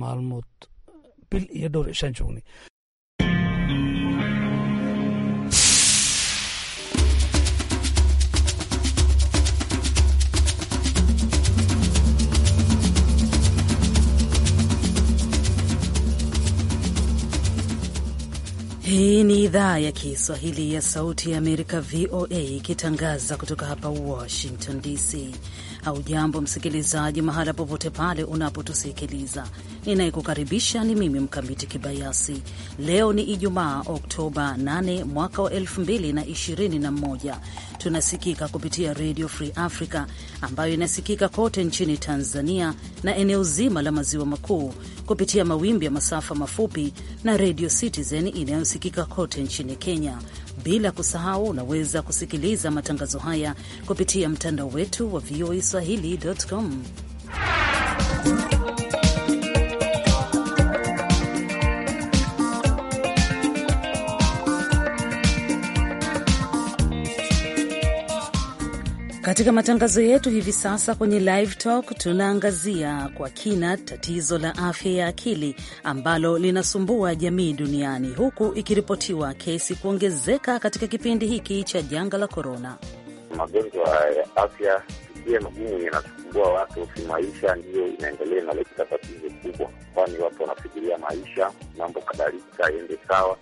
maalmood bil iyo dhowr cishaan joognay Hii ni idhaa ya Kiswahili ya Sauti ya Amerika, VOA, ikitangaza kutoka hapa Washington DC. Haujambo msikilizaji, mahala popote pale unapotusikiliza. Ninayekukaribisha ni mimi Mkamiti Kibayasi. Leo ni Ijumaa, Oktoba 8 mwaka wa 2021 Tunasikika kupitia Radio Free Africa ambayo inasikika kote nchini Tanzania na eneo zima la maziwa makuu kupitia mawimbi ya masafa mafupi na Radio Citizen inayosikika kote nchini Kenya. Bila kusahau, unaweza kusikiliza matangazo haya kupitia mtandao wetu wa voa swahili.com. Katika matangazo yetu hivi sasa kwenye Live Talk tunaangazia kwa kina tatizo la afya ya akili ambalo linasumbua jamii duniani huku ikiripotiwa kesi kuongezeka katika kipindi hiki cha janga la korona. Magonjwa ya afya pia magumu yanasumbua watu si maisha, ndiyo inaendelea inaleta tatizo kubwa, kwani watu wanafikiria maisha, mambo kadhalika yaende sawa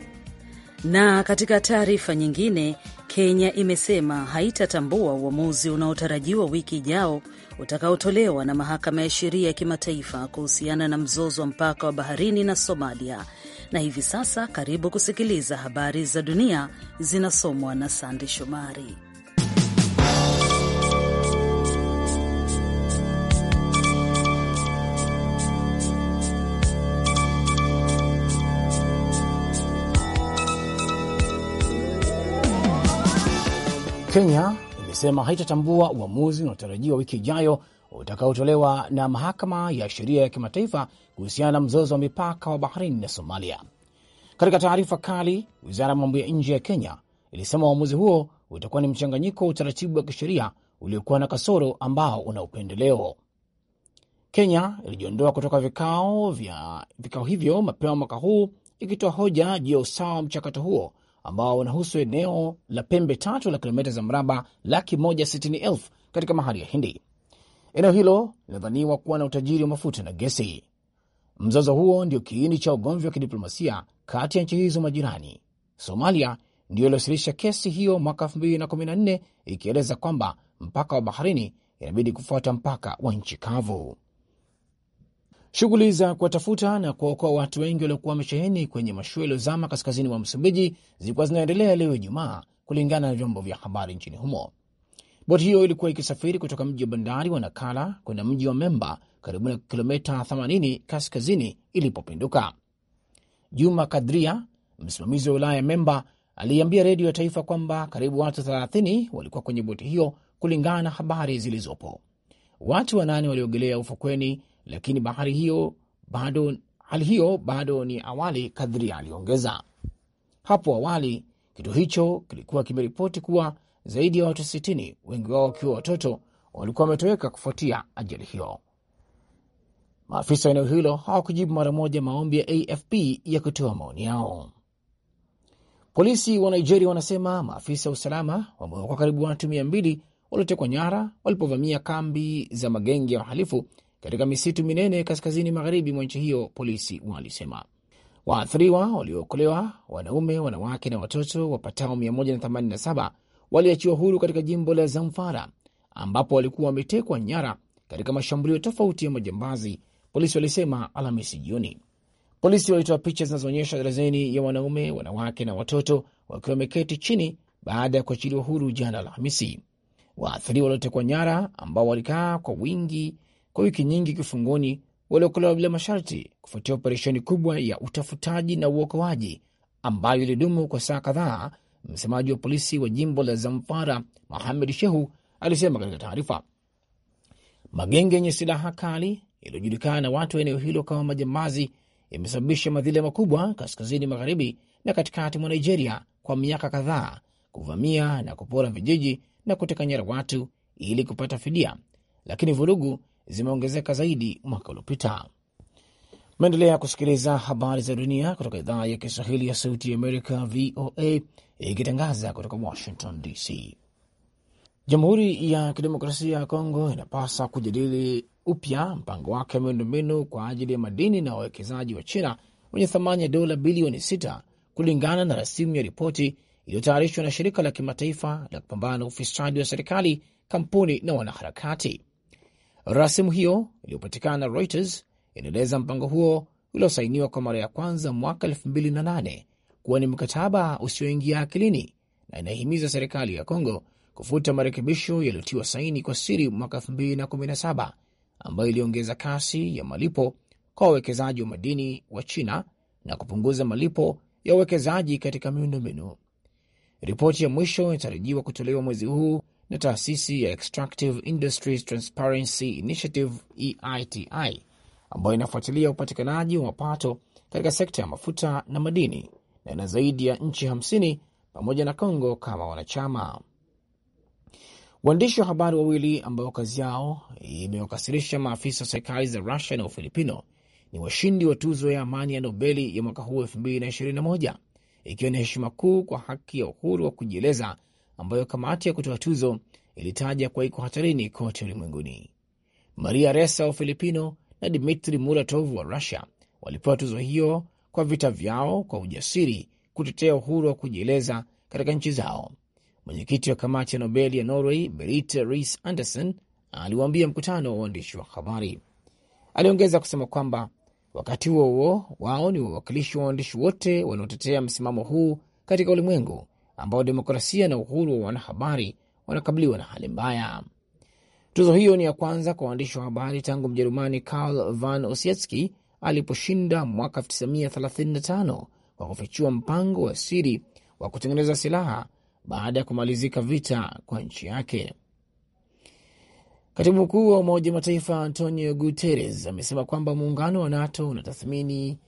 na katika taarifa nyingine, Kenya imesema haitatambua uamuzi unaotarajiwa wiki ijao utakaotolewa na mahakama ya sheria ya kimataifa kuhusiana na mzozo wa mpaka wa baharini na Somalia. Na hivi sasa, karibu kusikiliza habari za dunia zinasomwa na Sande Shomari. Kenya imesema haitatambua uamuzi unaotarajiwa wiki ijayo utakaotolewa na mahakama ya sheria ya kimataifa kuhusiana na mzozo wa mipaka wa Bahrain na Somalia. Katika taarifa kali, wizara ya mambo ya nje ya Kenya ilisema uamuzi huo utakuwa ni mchanganyiko wa utaratibu wa kisheria uliokuwa na kasoro ambao una upendeleo. Kenya ilijiondoa kutoka vikao vya vikao hivyo mapema mwaka huu ikitoa hoja juu ya usawa wa mchakato huo ambao wanahusu eneo la pembe tatu la kilomita za mraba laki moja sitini elfu katika bahari ya Hindi. Eneo hilo linadhaniwa kuwa na utajiri wa mafuta na gesi. Mzozo huo ndio kiini cha ugomvi wa kidiplomasia kati ya nchi hizo majirani. Somalia ndio iliwasilisha kesi hiyo mwaka 2014 ikieleza kwamba mpaka wa baharini inabidi kufuata mpaka wa nchi kavu. Shughuli za kuwatafuta na kuwaokoa watu wengi waliokuwa wamesheheni kwenye mashua iliyozama kaskazini mwa Msumbiji zilikuwa zinaendelea leo Ijumaa, kulingana na vyombo vya habari nchini humo. Boti hiyo ilikuwa ikisafiri kutoka mji wa bandari wa Nakala kwenda mji wa Memba, karibu na kilomita 80 kaskazini ilipopinduka. Juma Kadria, msimamizi wa wilaya ya Memba, aliambia redio ya taifa kwamba karibu watu 30 walikuwa kwenye boti hiyo, kulingana na habari zilizopo. Watu wanane waliogelea ufukweni lakini bahari hiyo bado, hali hiyo bado ni awali, kadhiria aliongeza. Hapo awali kituo hicho kilikuwa kimeripoti kuwa zaidi ya watu 60 wengi wao wakiwa watoto walikuwa wametoweka kufuatia ajali hiyo. Maafisa wa eneo hilo hawakujibu mara moja maombi ya AFP ya kutoa maoni yao. Polisi wa Nigeria wanasema maafisa wa usalama wameokoa karibu watu mia mbili waliotekwa nyara walipovamia kambi za magenge ya wahalifu katika misitu minene kaskazini magharibi mwa nchi hiyo, polisi walisema. Waathiriwa waliookolewa, wanaume, wanawake na watoto wapatao 187 waliachiwa huru katika jimbo la Zamfara ambapo walikuwa wametekwa nyara katika mashambulio tofauti ya majambazi, polisi walisema Alhamisi jioni. Polisi walitoa picha zinazoonyesha darazeni ya wanaume, wanawake na watoto wakiwa wameketi chini baada ya kuachiliwa huru jana Alhamisi. Waathiriwa waliotekwa nyara ambao walikaa kwa wingi kwa wiki nyingi kifungoni waliokolewa bila masharti kufuatia operesheni kubwa ya utafutaji na uokoaji ambayo ilidumu kwa saa kadhaa. Msemaji wa polisi wa jimbo la Zamfara, Mohamed Shehu, alisema katika taarifa, magenge yenye silaha kali yaliyojulikana na watu wa eneo hilo kama majambazi yamesababisha madhila makubwa kaskazini magharibi na katikati mwa Nigeria kwa miaka kadhaa, kuvamia na kupora vijiji na kuteka nyara watu ili kupata fidia, lakini vurugu zimeongezeka zaidi mwaka uliopita. Mnaendelea kusikiliza habari za dunia kutoka idhaa ya Kiswahili ya Sauti ya Amerika, VOA, ikitangaza kutoka Washington DC. Jamhuri ya Kidemokrasia ya Kongo inapaswa kujadili upya mpango wake wa miundombinu kwa ajili ya madini na wawekezaji wa China wenye thamani ya dola bilioni sita kulingana na rasimu ya ripoti iliyotayarishwa na shirika la kimataifa la kupambana na ufisadi wa serikali, kampuni na wanaharakati. Rasimu hiyo iliyopatikana na Reuters inaeleza mpango huo uliosainiwa kwa mara ya kwanza mwaka 208 kuwa ni mkataba usioingia akilini na inahimiza serikali ya congo kufuta marekebisho yaliyotiwa saini kwa siri mwaka 217 ambayo iliongeza kasi ya malipo kwa wawekezaji wa madini wa China na kupunguza malipo ya uwekezaji katika miundombinu. Ripoti ya mwisho inatarajiwa kutolewa mwezi huu na taasisi ya Extractive Industries Transparency Initiative EITI ambayo inafuatilia upatikanaji wa mapato katika sekta ya mafuta na madini na ina zaidi ya nchi 50 pamoja na Kongo kama wanachama. Waandishi wa habari wawili ambao kazi yao imewakasirisha maafisa wa serikali za Rusia na Ufilipino ni washindi wa tuzo ya amani ya Nobeli ya mwaka huu 2021 ikiwa ni heshima kuu kwa haki ya uhuru wa kujieleza ambayo kamati ya kutoa tuzo ilitaja kuwa iko hatarini kote ulimwenguni. Maria Ressa wa Ufilipino na Dmitri Muratov wa rusia walipewa tuzo hiyo kwa vita vyao kwa ujasiri kutetea uhuru wa kujieleza katika nchi zao. Mwenyekiti wa kamati ya Nobeli ya Norway Berite Rees Andersen aliwaambia mkutano wa waandishi wa habari. Aliongeza kusema kwamba wakati huo huo wao ni wawakilishi wa waandishi wote wanaotetea msimamo huu katika ulimwengu ambao demokrasia na uhuru wa wanahabari wanakabiliwa na hali mbaya. Tuzo hiyo ni ya kwanza kwa waandishi wa habari tangu Mjerumani Karl van Ossietzky aliposhinda mwaka 1935 kwa kufichua mpango wa siri wa kutengeneza silaha baada ya kumalizika vita kwa nchi yake. Katibu mkuu wa Umoja wa Mataifa Antonio Guterres amesema kwamba muungano wa NATO unatathmini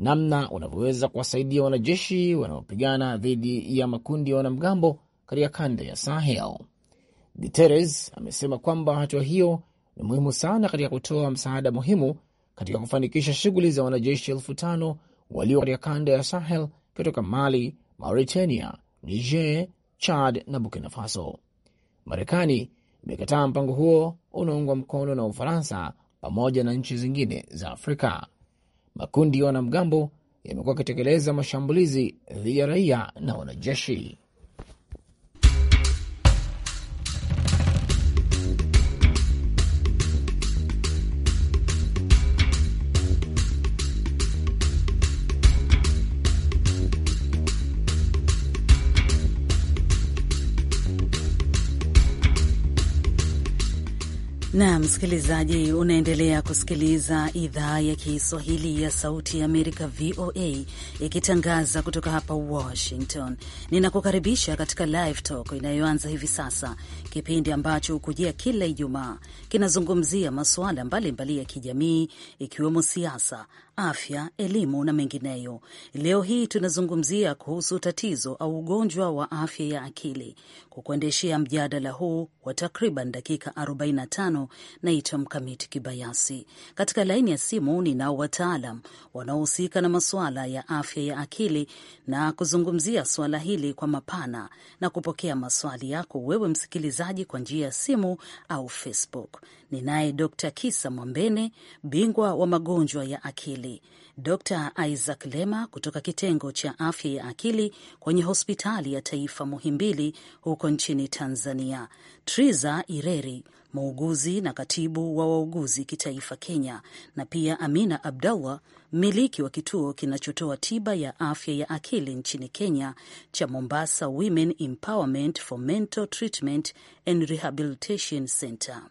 namna unavyoweza kuwasaidia wanajeshi wanaopigana dhidi ya makundi ya wanamgambo katika kanda ya Sahel. Guterres amesema kwamba hatua hiyo ni muhimu sana katika kutoa msaada muhimu katika kufanikisha shughuli za wanajeshi elfu tano walio katika kanda ya Sahel kutoka Mali, Mauritania, Niger, Chad na Burkina Faso. Marekani imekataa mpango huo unaungwa mkono na Ufaransa pamoja na nchi zingine za Afrika makundi ya wanamgambo yamekuwa yakitekeleza mashambulizi dhidi ya raia na wanajeshi. na msikilizaji, unaendelea kusikiliza idhaa ya Kiswahili ya Sauti ya Amerika, VOA, ikitangaza kutoka hapa Washington. Ninakukaribisha katika Live Talk inayoanza hivi sasa, kipindi ambacho hukujia kila Ijumaa, kinazungumzia masuala mbalimbali ya kijamii, ikiwemo siasa afya, elimu na mengineyo. Leo hii tunazungumzia kuhusu tatizo au ugonjwa wa afya ya akili. kuendeshea mjadala huu wa takriban dakika 45 naitwa Mkamiti Kibayasi. Katika laini ya simu ninao wataalam wanaohusika na masuala ya afya ya akili na kuzungumzia suala hili kwa mapana na kupokea maswali yako wewe msikilizaji kwa njia ya simu au Facebook. Ninaye Dr. Kisa Mwambene, bingwa wa magonjwa ya akili, Dr. Isaac Lema kutoka kitengo cha afya ya akili kwenye hospitali ya taifa Muhimbili huko nchini Tanzania, Triza Ireri, muuguzi na katibu wa wauguzi kitaifa Kenya, na pia Amina Abdallah, mmiliki wa kituo kinachotoa tiba ya afya ya akili nchini Kenya cha Mombasa Women Empowerment for Mental Treatment and Rehabilitation Center.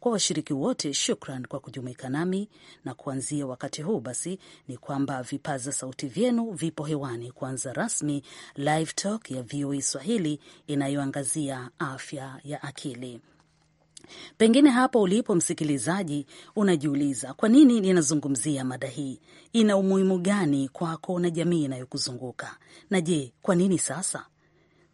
Kwa washiriki wote, shukran kwa kujumuika nami, na kuanzia wakati huu basi ni kwamba vipaza sauti vyenu vipo hewani kuanza rasmi live talk ya VOA e Swahili inayoangazia afya ya akili. Pengine hapo ulipo msikilizaji, unajiuliza kwa nini ninazungumzia mada hii? Ina umuhimu gani kwako na jamii inayokuzunguka? Na je, kwa nini sasa?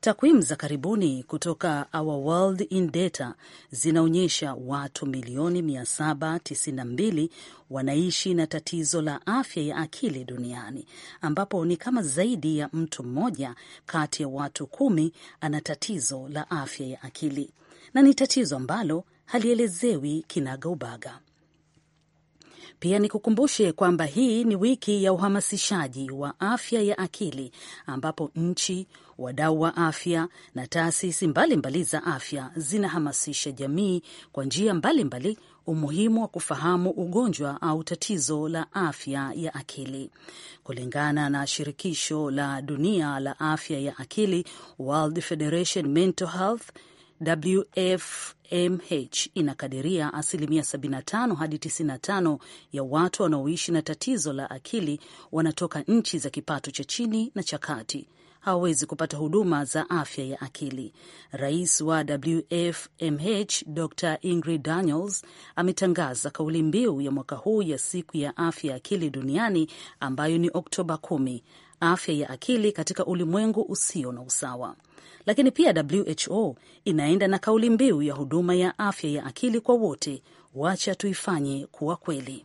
Takwimu za karibuni kutoka Our World in Data zinaonyesha watu milioni 792 wanaishi na tatizo la afya ya akili duniani, ambapo ni kama zaidi ya mtu mmoja kati ya watu kumi ana tatizo la afya ya akili, na ni tatizo ambalo halielezewi kinaga ubaga Pia nikukumbushe kwamba hii ni wiki ya uhamasishaji wa afya ya akili ambapo nchi wadau wa afya na taasisi mbalimbali za afya zinahamasisha jamii kwa njia mbalimbali umuhimu wa kufahamu ugonjwa au tatizo la afya ya akili. Kulingana na shirikisho la dunia la afya ya akili, World Federation Mental Health WFMH inakadiria asilimia 75 hadi 95 ya watu wanaoishi na tatizo la akili wanatoka nchi za kipato cha chini na cha kati, hawawezi kupata huduma za afya ya akili. Rais wa WFMH Dr Ingrid Daniels ametangaza kauli mbiu ya mwaka huu ya siku ya afya ya akili duniani ambayo ni Oktoba 1 afya ya akili katika ulimwengu usio na usawa. Lakini pia WHO inaenda na kauli mbiu ya huduma ya afya ya akili kwa wote, wacha tuifanye kuwa kweli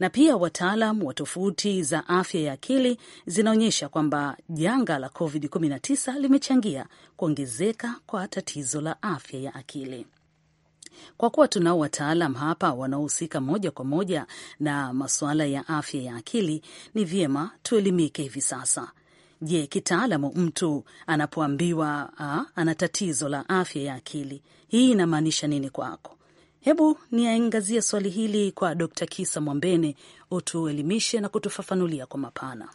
na pia wataalam wa tofauti za afya ya akili zinaonyesha kwamba janga la COVID-19 limechangia kuongezeka kwa tatizo la afya ya akili. Kwa kuwa tunao wataalam hapa wanaohusika moja kwa moja na masuala ya afya ya akili, ni vyema tuelimike hivi sasa. Je, kitaalamu mtu anapoambiwa ah, ana tatizo la afya ya akili, hii inamaanisha nini kwako? Hebu niangazie swali hili kwa Dkt. Kisa Mwambene, utuelimishe na kutufafanulia kwa mapana.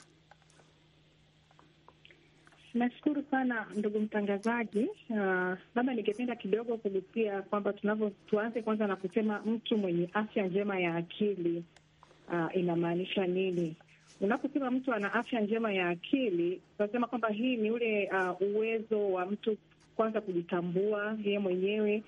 Nashukuru sana ndugu mtangazaji. Ah, labda ningependa kidogo kulipia kwamba tunavyo, tuanze kwanza na kusema mtu mwenye afya njema ya akili uh, inamaanisha nini? Unaposema mtu ana afya njema ya akili, tunasema kwamba hii ni ule uh, uwezo wa mtu kwanza kujitambua yeye mwenyewe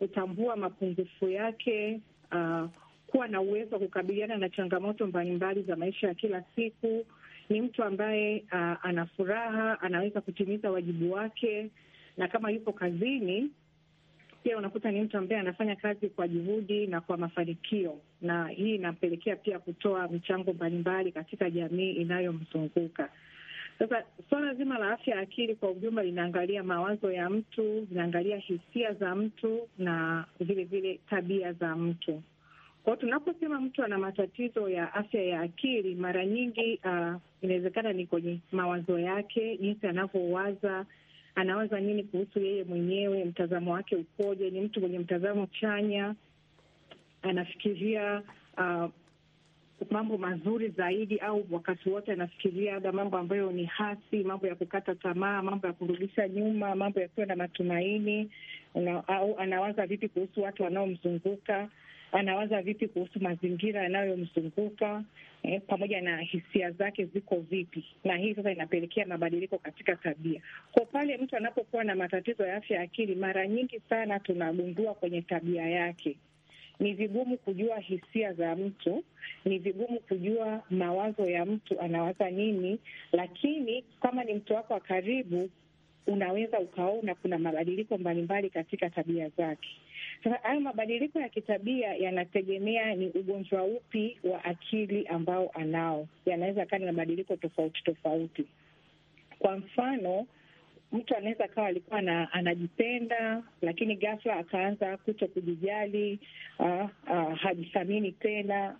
kutambua mapungufu yake, uh, kuwa na uwezo wa kukabiliana na changamoto mbalimbali za maisha ya kila siku. Ni mtu ambaye uh, ana furaha, anaweza kutimiza wajibu wake, na kama yupo kazini pia unakuta ni mtu ambaye anafanya kazi kwa juhudi na kwa mafanikio, na hii inampelekea pia kutoa michango mbalimbali katika jamii inayomzunguka. Sasa swala zima la afya ya akili kwa ujumla linaangalia mawazo ya mtu, linaangalia hisia za mtu na vilevile tabia za mtu. Kwao tunaposema mtu ana matatizo ya afya ya akili, mara nyingi uh, inawezekana ni kwenye mawazo yake, jinsi anavyowaza, anawaza nini kuhusu yeye mwenyewe, mtazamo wake ukoje, ni mtu mwenye mtazamo chanya, anafikiria uh, mambo mazuri zaidi, au wakati wote anafikiria labda mambo ambayo ni hasi, mambo ya kukata tamaa, mambo ya kurudisha nyuma, mambo ya kuwa na matumaini una, au anawaza vipi kuhusu watu wanaomzunguka, anawaza vipi kuhusu mazingira yanayomzunguka eh, pamoja na hisia zake ziko vipi, na hii sasa inapelekea mabadiliko katika tabia. Kwa pale mtu anapokuwa na matatizo ya afya ya akili, mara nyingi sana tunagundua kwenye tabia yake ni vigumu kujua hisia za mtu, ni vigumu kujua mawazo ya mtu, anawaza nini, lakini kama ni mtu wako wa karibu, unaweza ukaona kuna mabadiliko mbalimbali katika tabia zake. Sasa hayo mabadiliko ya kitabia yanategemea ni ugonjwa upi wa akili ambao anao, yanaweza kaa ni mabadiliko tofauti tofauti. Kwa mfano mtu anaweza akawa alikuwa na, anajipenda lakini ghafla akaanza kuto kujijali, uh, uh, hajithamini tena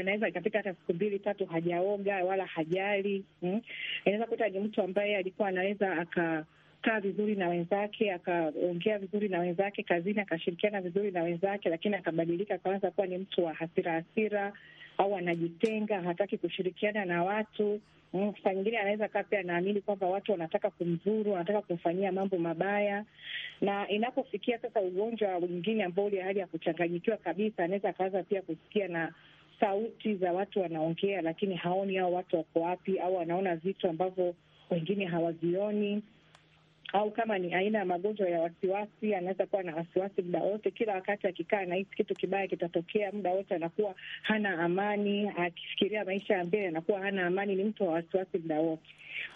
anaweza ikapita hata siku mbili tatu hajaoga wala hajali mm. Inaweza kuta ni mtu ambaye alikuwa anaweza akakaa vizuri na wenzake akaongea vizuri na wenzake kazini, akashirikiana vizuri na wenzake, lakini akabadilika akaanza kuwa ni mtu wa hasira hasira, au anajitenga, hataki kushirikiana na watu Mtu nyingine anaweza kaa pia anaamini kwamba watu wanataka kumdhuru, wanataka kumfanyia mambo mabaya, na inapofikia sasa ugonjwa mwingine ambao ule hali ya kuchanganyikiwa kabisa, anaweza akaanza pia kusikia na sauti za watu wanaongea, lakini haoni hao watu wako wapi, au anaona vitu ambavyo wengine hawavioni au kama ni aina ya magonjwa ya wasiwasi, anaweza kuwa na wasiwasi muda wote, kila wakati akikaa na hisi kitu kibaya kitatokea, muda wote anakuwa hana amani, akifikiria maisha ya mbele anakuwa hana amani, ni mtu wa wasiwasi muda wote.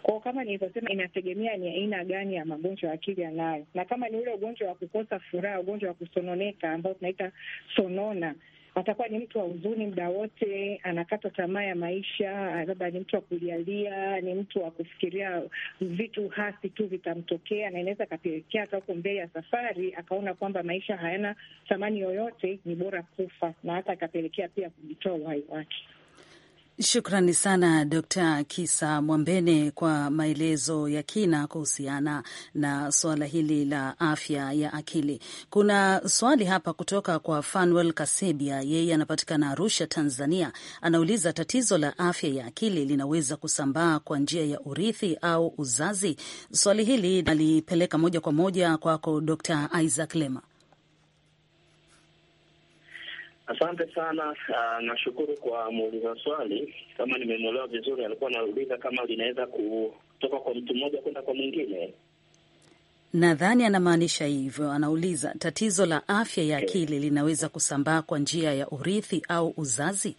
Kwao kama nilivyosema, inategemea ni aina gani ya magonjwa ya akili anayo, na kama ni ule ugonjwa wa kukosa furaha, ugonjwa wa kusononeka ambao tunaita sonona atakuwa ni mtu wa huzuni muda wote, anakata tamaa ya maisha, labda ni mtu wa kulialia, ni mtu wa kufikiria vitu hasi tu vitamtokea, na inaweza akapelekea hata huko mbele ya safari akaona kwamba maisha hayana thamani yoyote, ni bora kufa, na hata akapelekea pia kujitoa uhai wake. Shukrani sana Dkt. Kisa Mwambene kwa maelezo ya kina kuhusiana na suala hili la afya ya akili. Kuna swali hapa kutoka kwa Fanuel Kasebia, yeye anapatikana Arusha, Tanzania. Anauliza, tatizo la afya ya akili linaweza kusambaa kwa njia ya urithi au uzazi? Swali hili alipeleka moja kwa moja kwako Dkt. Isaac Lema. Asante sana. Uh, nashukuru kwa muuliza swali. Kama nimemwelewa vizuri, alikuwa anauliza kama linaweza kutoka kwa mtu mmoja kwenda kwa mwingine. Nadhani anamaanisha hivyo, anauliza tatizo la afya ya eh. akili linaweza kusambaa kwa njia ya urithi au uzazi.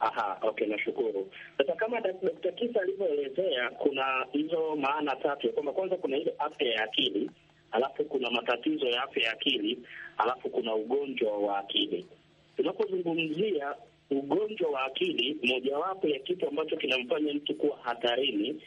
Aha, okay, nashukuru. Sasa kama Dkt. Kisa alivyoelezea, kuna hizo maana tatu ya kwamba kwanza kuna ile afya ya akili alafu kuna matatizo ya afya ya akili, alafu kuna ugonjwa wa akili. Tunapozungumzia ugonjwa wa akili, mojawapo ya kitu ambacho kinamfanya mtu kuwa hatarini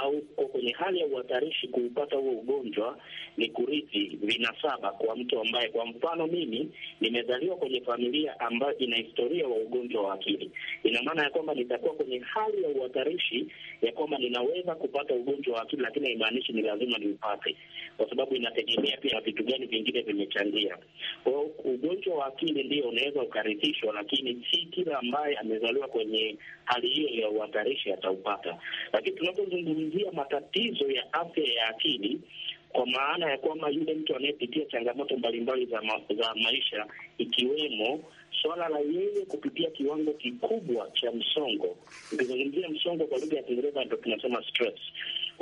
au uko kwenye hali ya uhatarishi kuupata huo ugonjwa, ni kurithi vinasaba kwa mtu ambaye, kwa mfano, mimi nimezaliwa kwenye familia ambayo ina historia wa ugonjwa wa akili. Ina maana ya kwamba nitakuwa kwenye hali ya uhatarishi ya kwamba ninaweza kupata ugonjwa wa akili, lakini haimaanishi ni lazima niupate, kwa sababu inategemea pia vitu gani vingine vimechangia. Kwa hiyo ugonjwa wa akili ndio unaweza ukarithishwa, lakini si kila ambaye amezaliwa kwenye hali hiyo ya uhatarishi ataupata Lakini tunapozungumzia matatizo ya afya ya akili kwa maana ya kwamba yule mtu anayepitia changamoto mbalimbali za, ma za maisha ikiwemo swala la yeye kupitia kiwango kikubwa cha msongo. Ukizungumzia msongo kwa lugha ya Kiingereza ndo tunasema stress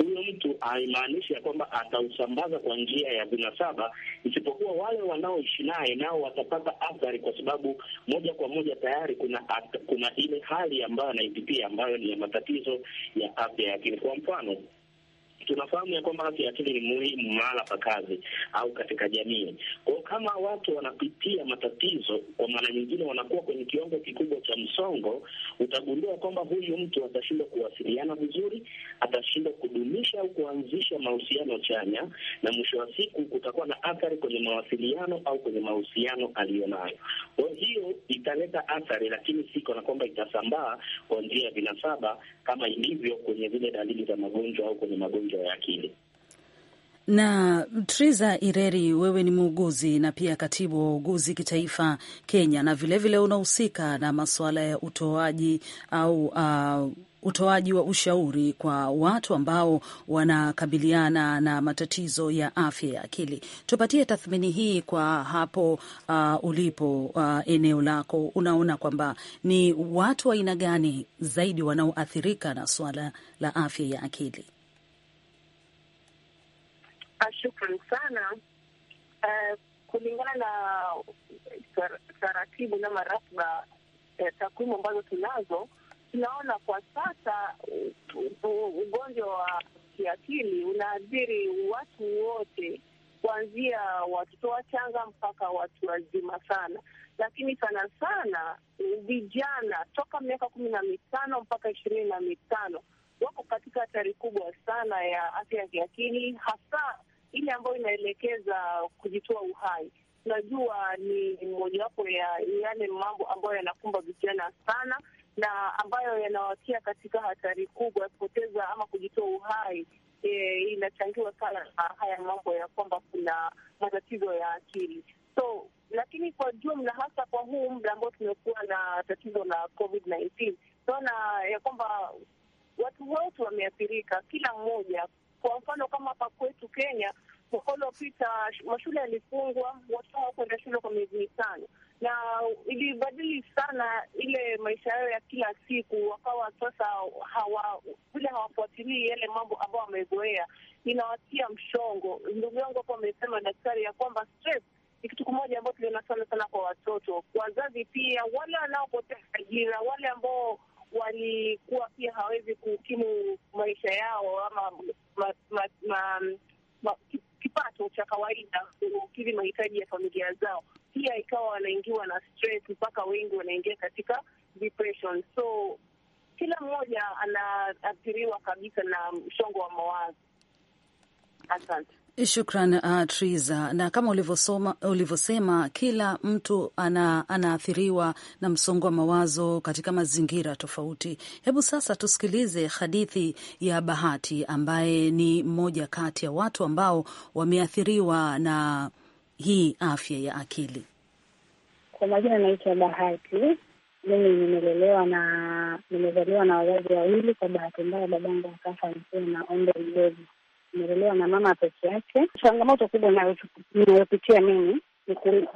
huyo mtu haimaanishi ya kwamba atausambaza kwa njia ya vinasaba, isipokuwa wale wanaoishi naye nao watapata athari, kwa sababu moja kwa moja tayari kuna at, kuna ile hali ambayo anaipitia ambayo ni ya matatizo ya afya ya akili. Kwa mfano tunafahamu ya kwamba afya ya akili ni muhimu mahala pa kazi au katika jamii. Kwa hiyo kama watu wanapitia matatizo, kwa mara nyingine wanakuwa kwenye kiwango kikubwa cha msongo, utagundua kwamba huyu mtu atashindwa kuwasiliana vizuri, atashindwa kudumisha au kuanzisha mahusiano chanya, na mwisho wa siku kutakuwa na athari kwenye mawasiliano au kwenye mahusiano aliyonayo. Kwa hiyo italeta athari, lakini si kana kwamba itasambaa kwa njia ya vinasaba kama ilivyo kwenye zile dalili za magonjwa au kwenye magonjwa ya akili. Na Triza Ireri, wewe ni muuguzi na pia katibu wa uuguzi kitaifa Kenya, na vilevile unahusika na masuala ya utoaji au uh, utoaji wa ushauri kwa watu ambao wanakabiliana na matatizo ya afya ya akili. Tupatie tathmini hii kwa hapo uh, ulipo uh, eneo lako, unaona kwamba ni watu wa aina gani zaidi wanaoathirika na suala la afya ya akili? Ah, Shukran sana. Uh, kulingana na taratibu na maratiba eh, takwimu ambazo tunazo tunaona kwa sasa ugonjwa wa kiakili unaathiri watu wote kuanzia watoto wachanga mpaka watu wazima sana, lakini sana sana vijana toka miaka kumi na mitano mpaka ishirini na mitano wako katika hatari kubwa sana ya afya ya kiakili hasa ile ambayo inaelekeza kujitoa uhai. Tunajua ni mojawapo ya yale mambo ambayo yanakumba vijana sana na ambayo yanawatia katika hatari kubwa ya kupoteza ama kujitoa uhai. E, inachangiwa sana na haya mambo ya kwamba kuna matatizo ya akili so lakini kwa jumla, hasa kwa huu mda ambao tumekuwa na tatizo la COVID-19, tunaona ya kwamba watu wote wameathirika, kila mmoja kwa mfano kama hapa kwetu Kenya, mwaka uliopita mashule yalifungwa, watoto hawakwenda shule kwa miezi mitano, na ilibadili sana ile maisha yao ya kila siku. Wakawa sasa hawa vile hawafuatilii yale mambo ambayo wamezoea, inawatia mshongo. Ndugu yangu hapo amesema daktari ya kwamba stress ni kitu kimoja ambao tuliona sana sana kwa watoto. Wazazi pia wale wanaopotea ajira, wale ambao walikuwa pia hawezi kuhukimu maisha yao ama ma, ma, ma, ma, kipato cha kawaida kukidhi mahitaji ya familia zao. Pia ikawa wanaingiwa na stress, mpaka wengi wanaingia katika depression. So kila mmoja anaathiriwa kabisa na msongo wa mawazo. Asante. Shukran uh, ah, Triza, na kama ulivyosoma ulivyosema, kila mtu ana, anaathiriwa na msongo wa mawazo katika mazingira tofauti. Hebu sasa tusikilize hadithi ya Bahati ambaye ni mmoja kati ya watu ambao wameathiriwa na hii afya ya akili. Kwa majina anaitwa Bahati. Mimi nimelelewa na nimezaliwa na wazazi wawili. Kwa bahati mbaya, babangu akafa nikiwa na umri mdogo nimelelewa na mama peke yake. Changamoto kubwa inayopitia mimi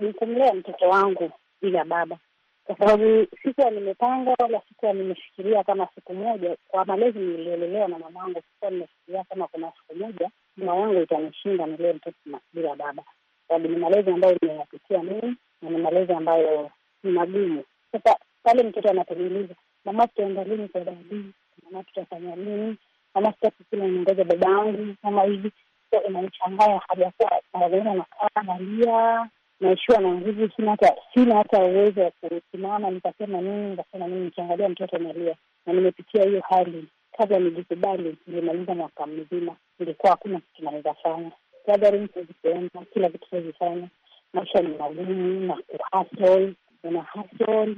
ni kumlea mtoto wangu bila baba, kwa sababu sikuwa nimepanga wala sikuwa nimefikiria kama siku moja, kwa malezi niliolelewa na mama wangu, sikuwa nimeshikilia kama kuna siku moja mama yangu itanishinda nilee mtoto bila baba, sababu ni malezi ambayo nimeyapitia mimi na ni malezi ambayo ni magumu. Sasa pale mtoto anapouliza mama, tutaenda lini kwa dadii? mama tutafanya nini hamasa sisi naongoza baba yangu kama hivi, so inanichanganya hajakuwa anazungumza na kaa nalia, naishiwa na nguvu, sina hata sina hata uwezo wa kusimama nikasema nini, nikasema nini, nikiangalia mtoto nalia, na nimepitia hiyo hali kabla nijikubali Nilimaliza mwaka mzima, ilikuwa hakuna kitu naweza fanya, gathering siwezipenda, kila vitu siwezifanya. Maisha ni magumu na kuhasol, una hasol,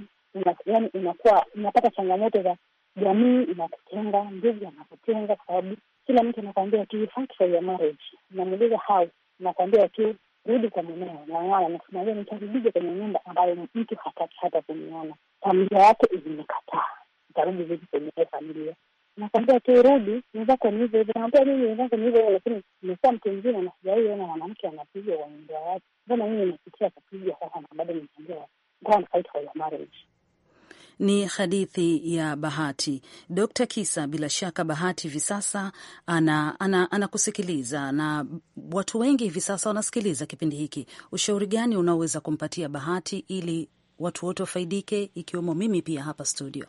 yaani unakuwa unapata changamoto za jamii inakutenga, ndugu anakutenga, kwa sababu kila mtu anakuambia tu fact ya marriage, namuuliza how, nakuambia tu rudi kwa mweneo, naana nakuambia nitarudije kwenye nyumba ambayo mtu hataki hata kuniona, familia yake imekataa, nitarudi vipi kwenye familia? Nakwambia tu rudi, wenzako ni hivyo hivyo. Naambia mimi wenzako ni hivyo hivyo, lakini nimekuwa mtu mzima na sijawahi ona mwanamke anapigwa kwa nyumba yake. Mbona mimi napitia kupigwa sasa na bado nitaambia go and fight for your marriage? ni hadithi ya Bahati. Dr. Kisa, bila shaka Bahati hivi sasa anakusikiliza ana, ana na watu wengi hivi sasa wanasikiliza kipindi hiki. Ushauri gani unaoweza kumpatia Bahati ili watu wote wafaidike ikiwemo mimi pia hapa studio?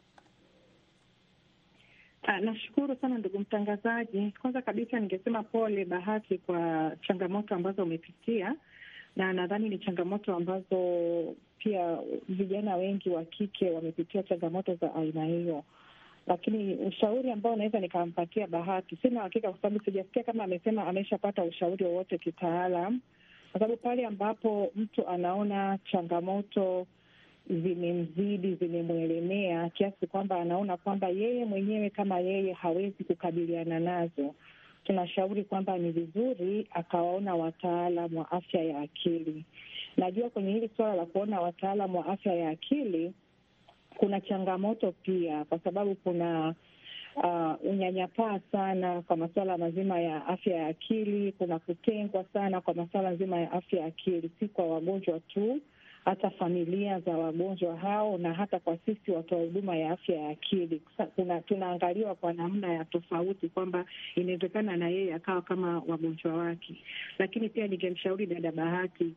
Ah, nashukuru sana ndugu mtangazaji. Kwanza kabisa, ningesema pole Bahati kwa changamoto ambazo umepitia na nadhani ni changamoto ambazo pia vijana wengi wa kike wamepitia changamoto za aina hiyo. Lakini ushauri ambao unaweza nikampatia Bahati, sina hakika kwa sababu sijasikia kama amesema ameshapata ushauri wowote kitaalam, kwa sababu pale ambapo mtu anaona changamoto zimemzidi zimemwelemea kiasi kwamba anaona kwamba yeye mwenyewe kama yeye hawezi kukabiliana nazo, tunashauri kwamba ni vizuri akawaona wataalam wa afya ya akili. Najua kwenye hili suala la kuona wataalam wa afya ya akili kuna changamoto pia, kwa sababu kuna uh, unyanyapaa sana kwa masuala mazima ya afya ya akili. Kuna kutengwa sana kwa masuala mazima ya afya ya akili, si kwa wagonjwa tu, hata familia za wagonjwa hao, na hata kwa sisi watoa huduma ya afya ya akili tunaangaliwa kwa namna ya tofauti, kwamba inawezekana na yeye akawa kama wagonjwa wake. Lakini pia ningemshauri dada Bahati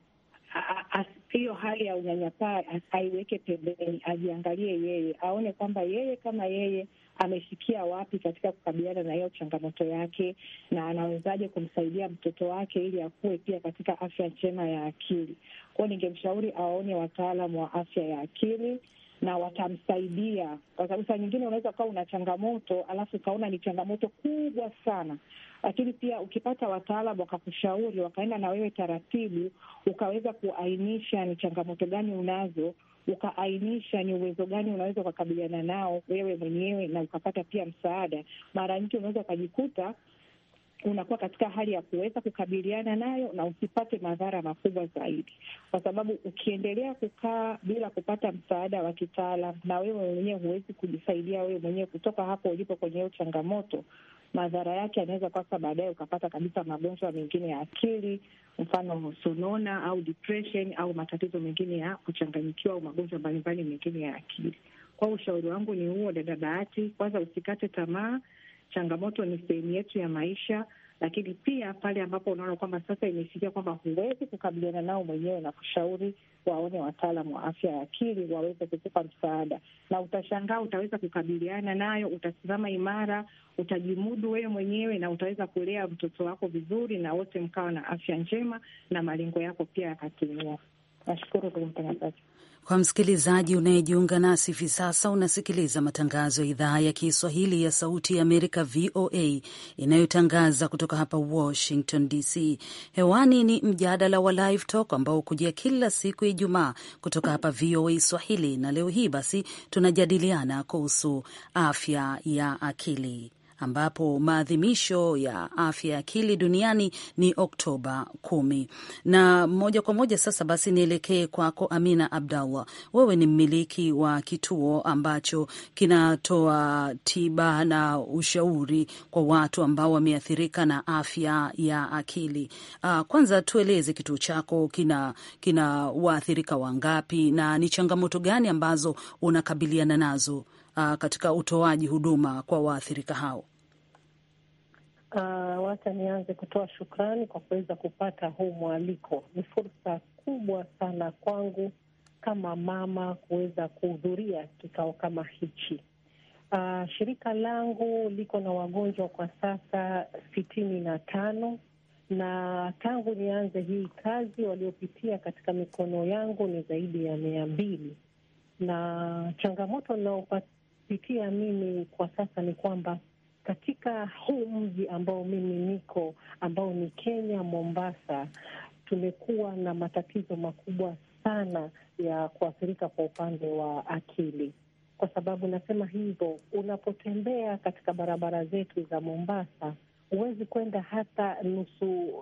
hiyo hali ya unyanyapaa aiweke pembeni, ajiangalie yeye, aone kwamba yeye kama yeye amefikia wapi katika kukabiliana na hiyo changamoto yake, na anawezaje kumsaidia mtoto wake ili akuwe pia katika afya njema ya akili. Kwao ningemshauri awaone wataalam wa afya ya akili na watamsaidia kwa sababu saa nyingine unaweza ukawa una changamoto alafu ukaona ni changamoto kubwa sana, lakini pia ukipata wataalam wakakushauri, wakaenda na wewe taratibu, ukaweza kuainisha ni changamoto gani unazo, ukaainisha ni uwezo gani unaweza ukakabiliana nao wewe mwenyewe na ukapata pia msaada, mara nyingi unaweza ukajikuta unakuwa katika hali ya kuweza kukabiliana nayo na usipate madhara makubwa zaidi, kwa sababu ukiendelea kukaa bila kupata msaada wa kitaalam, na wewe mwenyewe huwezi kujisaidia wewe mwenyewe kutoka hapo ulipo kwenye hiyo changamoto, madhara yake yanaweza kwasa baadaye ukapata kabisa magonjwa mengine ya akili, mfano sonona au depression, au matatizo mengine ya kuchanganyikiwa au magonjwa mbalimbali mengine ya akili. Kwa ushauri wangu ni huo, dada Bahati, kwanza usikate tamaa. Changamoto ni sehemu yetu ya maisha lakini pia pale ambapo unaona kwamba sasa imefikia kwamba huwezi kukabiliana nao mwenyewe, na kushauri waone wataalam wa afya ya akili waweze kukupa msaada, na utashangaa utaweza kukabiliana nayo, utasimama imara, utajimudu wewe mwenyewe, na utaweza kulea mtoto wako vizuri, na wote mkawa na afya njema na malengo yako pia yakatimia. Nashukuru ndugu mtangazaji. Kwa msikilizaji unayejiunga nasi hivi sasa, unasikiliza matangazo ya idhaa ya Kiswahili ya Sauti ya Amerika, VOA, inayotangaza kutoka hapa Washington DC. Hewani ni mjadala wa Live Talk ambao hukujia kila siku ya Ijumaa kutoka hapa VOA Swahili, na leo hii basi tunajadiliana kuhusu afya ya akili ambapo maadhimisho ya afya ya akili duniani ni Oktoba kumi. Na moja kwa moja sasa basi nielekee kwako Amina Abdallah, wewe ni mmiliki wa kituo ambacho kinatoa tiba na ushauri kwa watu ambao wameathirika na afya ya akili. Uh, kwanza tueleze kituo chako kina, kina waathirika wangapi na ni changamoto gani ambazo unakabiliana nazo uh, katika utoaji huduma kwa waathirika hao? Uh, wacha nianze kutoa shukrani kwa kuweza kupata huu mwaliko. Ni fursa kubwa sana kwangu kama mama kuweza kuhudhuria kikao kama hichi. Uh, shirika langu liko na wagonjwa kwa sasa sitini na tano na tangu nianze hii kazi waliopitia katika mikono yangu ni zaidi ya mia mbili, na changamoto linaopitia mimi kwa sasa ni kwamba katika huu mji ambao mimi niko ambao ni Kenya, Mombasa, tumekuwa na matatizo makubwa sana ya kuathirika kwa upande wa akili. Kwa sababu nasema hivyo, unapotembea katika barabara zetu za Mombasa huwezi kwenda hata nusu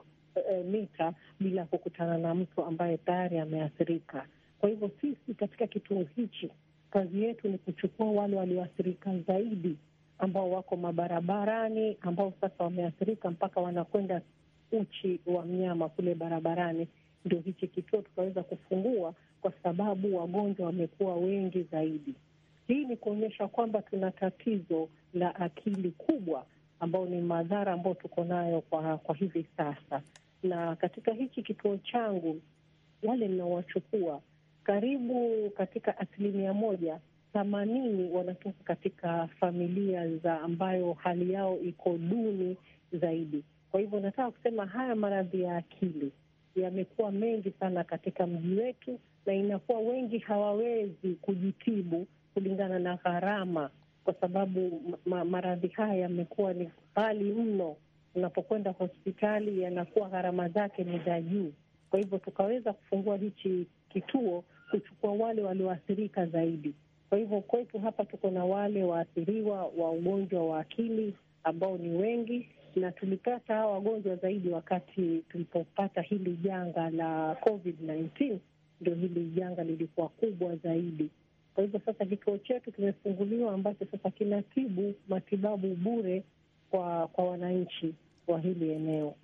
e, mita bila kukutana na mtu ambaye tayari ameathirika. Kwa hivyo sisi katika kituo hichi kazi yetu ni kuchukua wale walioathirika zaidi ambao wako mabarabarani, ambao sasa wameathirika mpaka wanakwenda uchi wa mnyama kule barabarani. Ndio hichi kituo tukaweza kufungua, kwa sababu wagonjwa wamekuwa wengi zaidi. Hii ni kuonyesha kwamba tuna tatizo la akili kubwa, ambao ni madhara ambayo tuko nayo kwa, kwa hivi sasa. Na katika hichi kituo changu wale ninaowachukua karibu katika asilimia moja themanini wanatoka katika familia za ambayo hali yao iko duni zaidi. Kwa hivyo nataka kusema haya maradhi ya akili yamekuwa mengi sana katika mji wetu, na inakuwa wengi hawawezi kujitibu kulingana na gharama, kwa sababu ma maradhi haya yamekuwa ni ghali mno. Unapokwenda hospitali yanakuwa gharama zake ni za juu. Kwa hivyo tukaweza kufungua hichi kituo kuchukua wale walioathirika zaidi kwa hivyo kwetu hapa tuko na wale waathiriwa wa ugonjwa wa akili ambao ni wengi, na tulipata hawa wagonjwa zaidi wakati tulipopata hili janga la COVID-19, ndio hili janga lilikuwa kubwa zaidi. Kwa hivyo sasa kikao chetu kimefunguliwa ambacho sasa kinatibu matibabu bure kwa kwa wananchi wa hili eneo.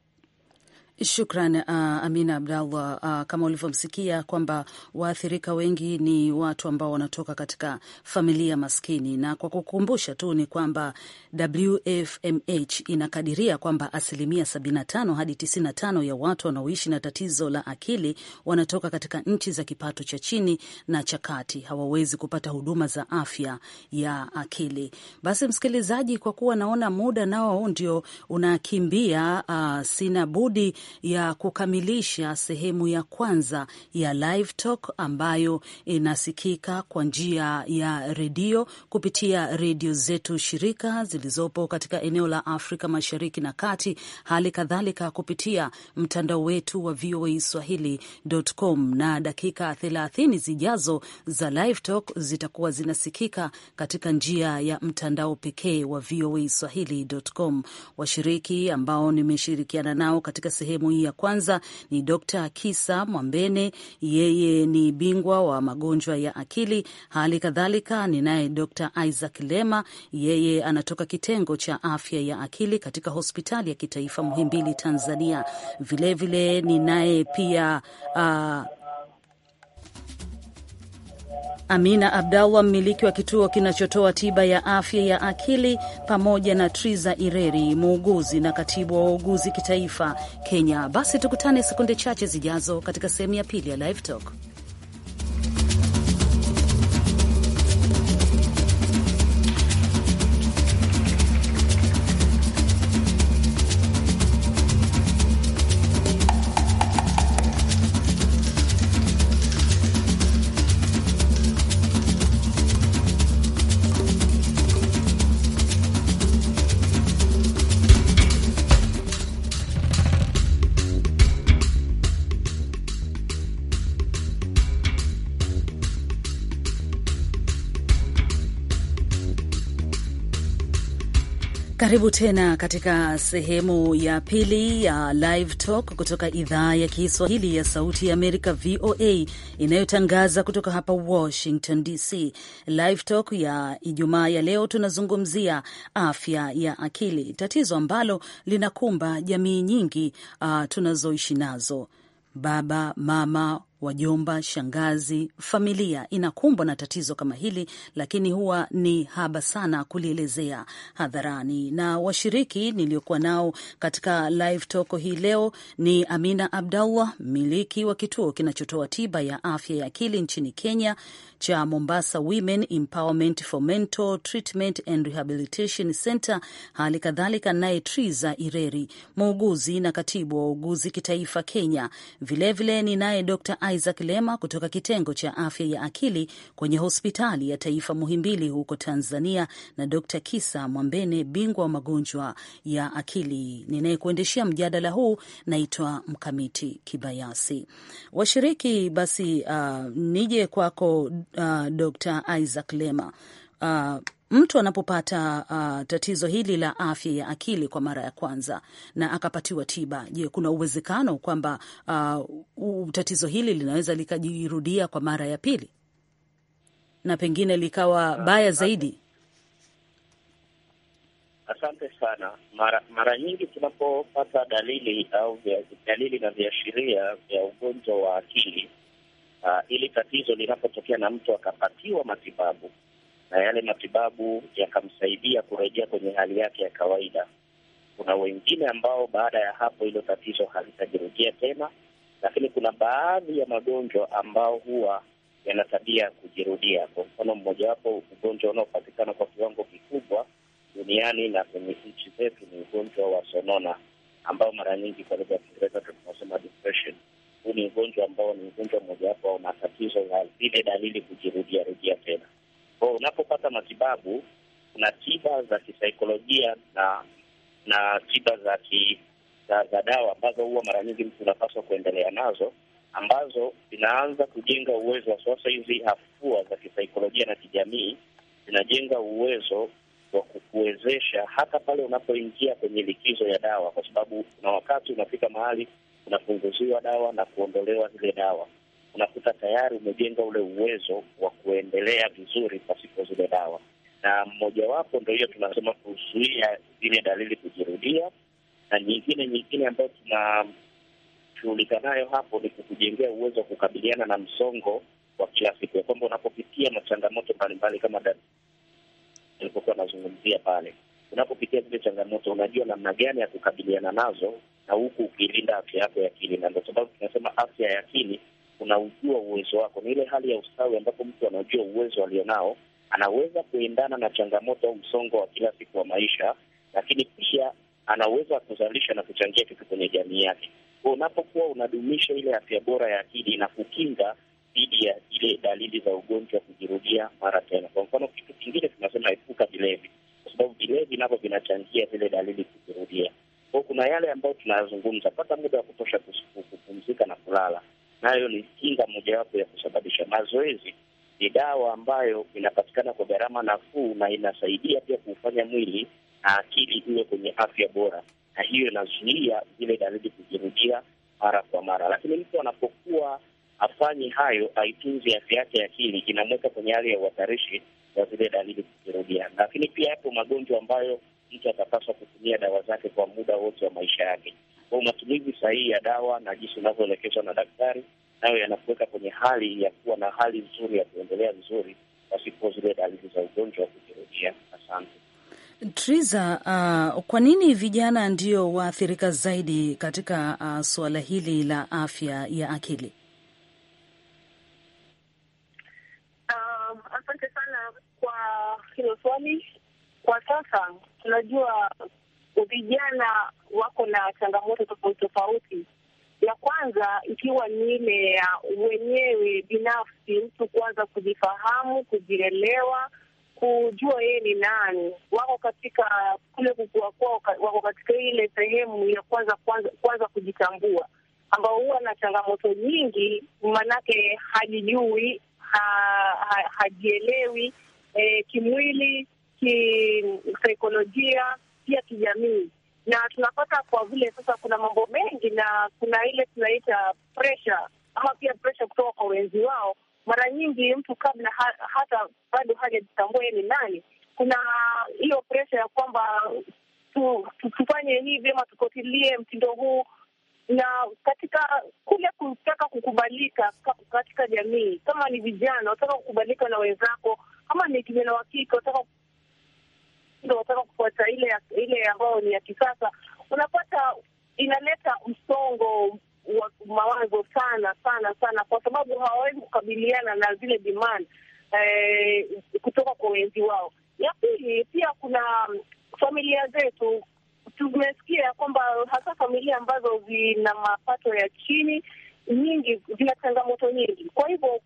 Shukran uh, Amina Abdallah. Uh, kama ulivyomsikia kwamba waathirika wengi ni watu ambao wanatoka katika familia maskini, na kwa kukumbusha tu ni kwamba WFMH inakadiria kwamba asilimia 75 hadi 95 ya watu wanaoishi na tatizo la akili wanatoka katika nchi za kipato cha chini na cha kati, hawawezi kupata huduma za afya ya akili. Basi msikilizaji, kwa kuwa naona muda nao ndio unakimbia, uh, sina budi ya kukamilisha sehemu ya kwanza ya Live Talk ambayo inasikika kwa njia ya redio kupitia redio zetu shirika zilizopo katika eneo la Afrika Mashariki na Kati, hali kadhalika kupitia mtandao wetu wa VOA Swahili.com. Na dakika 30 zijazo za Live Talk zitakuwa zinasikika katika njia ya mtandao pekee wa VOA Swahili.com. Washiriki ambao nimeshirikiana nao katika sehemu sehemu hii ya kwanza ni Dr. Kisa Mwambene, yeye ni bingwa wa magonjwa ya akili. Hali kadhalika ninaye Dr. Isaac Lema, yeye anatoka kitengo cha afya ya akili katika hospitali ya kitaifa Muhimbili, Tanzania. Vilevile ninaye pia uh, Amina Abdallah, mmiliki wa kituo kinachotoa tiba ya afya ya akili, pamoja na Triza Ireri, muuguzi na katibu wa wauguzi kitaifa Kenya. Basi tukutane sekunde chache zijazo katika sehemu ya pili ya Live Talk. Karibu tena katika sehemu ya pili ya Live Talk kutoka idhaa ya Kiswahili ya Sauti ya Amerika, VOA, inayotangaza kutoka hapa Washington DC. Live Talk ya Ijumaa ya leo tunazungumzia afya ya akili, tatizo ambalo linakumba jamii nyingi uh, tunazoishi nazo, baba mama wajomba, shangazi, familia inakumbwa na tatizo kama hili, lakini huwa ni haba sana kulielezea hadharani. Na washiriki niliokuwa nao katika live talk hii leo ni Amina Abdallah, mmiliki wa kituo kinachotoa tiba ya afya ya akili nchini Kenya cha Mombasa Women Empowerment for Mental Treatment and Rehabilitation Center, hali kadhalika naye Triza Ireri, muuguzi na katibu wa wauguzi kitaifa Kenya. Vilevile ninaye Dr Isaac Lema kutoka kitengo cha afya ya akili kwenye hospitali ya taifa Muhimbili huko Tanzania, na Dr. Kisa Mwambene, bingwa wa magonjwa ya akili. Ninayekuendeshea mjadala huu naitwa Mkamiti Kibayasi. Washiriki basi, uh, nije kwako, uh, Dr. Isaac Lema. Uh, mtu anapopata uh, tatizo hili la afya ya akili kwa mara ya kwanza na akapatiwa tiba, je, kuna uwezekano kwamba uh, tatizo hili linaweza likajirudia kwa mara ya pili na pengine likawa ah, baya zaidi? Asante sana. Mara mara nyingi tunapopata dalili au vya, dalili na viashiria vya ugonjwa wa akili, hili uh, tatizo linapotokea na mtu akapatiwa matibabu na yale matibabu yakamsaidia kurejea kwenye hali yake ya kawaida. Kuna wengine ambao baada ya hapo hilo tatizo halitajirudia tena, lakini kuna baadhi ya magonjwa ambao huwa yana tabia ya kujirudia. Kwa mfano, mmojawapo ugonjwa unaopatikana kwa kiwango kikubwa duniani na kwenye nchi zetu ni ugonjwa wa sonona, ambao mara nyingi kwa lugha ya Kiingereza tunasema depression. Huu ni ugonjwa ambao ni ugonjwa mmojawapo wa matatizo ya zile dalili kujirudiarudia tena. Kwa hiyo unapopata matibabu, kuna tiba za kisaikolojia na na tiba za ki, za, za dawa ambazo huwa mara nyingi mtu unapaswa kuendelea nazo ambazo zinaanza kujenga uwezo wa sasa. Hizi hafua za kisaikolojia na kijamii zinajenga uwezo wa kukuwezesha hata pale unapoingia kwenye likizo ya dawa, kwa sababu kuna wakati unafika mahali unapunguziwa dawa na kuondolewa zile dawa unakuta tayari umejenga ule uwezo wa kuendelea vizuri pasipo zile dawa, na mmojawapo ndo hiyo tunasema kuzuia zile dalili kujirudia, na nyingine nyingine ambayo tunashughulika nayo hapo ni kukujengea uwezo wa kukabiliana na msongo wa kila siku, ya kwamba unapopitia machangamoto mbalimbali kama alipokuwa anazungumzia pale, unapopitia zile changamoto unajua namna gani ya kukabiliana nazo, na huku ukilinda afya yako ya akili, na ndo sababu tunasema afya ya akili unaujua uwezo wako. Ni ile hali ya ustawi ambapo mtu anajua uwezo alionao, anaweza kuendana na changamoto au msongo wa kila siku wa maisha, lakini pia anaweza kuzalisha na kuchangia kitu kwenye jamii yake. Kwa unapokuwa unadumisha ile afya bora ya akili na kukinga dhidi ya ile dalili za ugonjwa kujirudia mara tena. Kwa mfano, kitu kingine tunasema epuka vilevi, kwa sababu vilevi navyo vinachangia zile dalili kujirudia. Kwa kuna yale ambayo tunayazungumza, pata muda wa kutosha kus ambayo ni kinga mojawapo ya kusababisha. Mazoezi ni dawa ambayo inapatikana kwa gharama nafuu na inasaidia pia kuufanya mwili na akili iwe kwenye afya bora, na hiyo inazuia zile dalili kujirudia mara kwa mara. Lakini mtu anapokuwa afanye hayo, aitunzi afya yake ya akili, inamweka kwenye hali ya uhatarishi wa zile dalili kujirudia. Lakini pia yapo magonjwa ambayo mtu atapaswa kutumia dawa zake kwa muda wote wa maisha yake. Kwa matumizi sahihi ya dawa na jinsi unavyoelekezwa na daktari nayo yanakuweka kwenye hali ya kuwa na hali nzuri ya kuendelea vizuri pasipo zile dalili za ugonjwa wa kujirudia. Asante. Triza, uh, kwa nini vijana ndio waathirika zaidi katika uh, suala hili la afya ya akili? Um, asante sana kwa hilo swali. Kwa sasa tunajua vijana wako na changamoto tofauti tofauti ya kwanza ikiwa ni ile ya wenyewe binafsi, mtu kuanza kujifahamu, kujielewa, kujua yeye ni nani. Wako katika kule kukua kwao, wako katika ile sehemu ya kwanza kwanza, kujitambua, ambao huwa na changamoto nyingi, maanake hajijui, ha, ha, hajielewi eh, kimwili, kisaikolojia, pia kijamii na tunapata kwa vile sasa kuna mambo mengi na kuna ile tunaita pressure ama pia pressure kutoka kwa wenzi wao. Mara nyingi mtu kabla ha, hata bado hajajitambua ye ni nani, kuna hiyo pressure ya kwamba tu, tu, tufanye hivi ama tukotilie mtindo huu, na katika kule kutaka kukubalika katika jamii, kama ni vijana wataka kukubalika na wenzako, kama ni kijana wa kike wataka mtindo, unataka kufuata ile ile ambayo ni ya kisasa, unapata inaleta msongo wa mawazo sana sana sana, kwa sababu hawawezi kukabiliana na zile demand eh, kutoka kwa wenzi wao. Ya pili pia kuna mm, familia zetu tumesikia kwamba hasa familia ambazo zina mapato ya chini nyingi zina changamoto nyingi. Kwa hivyo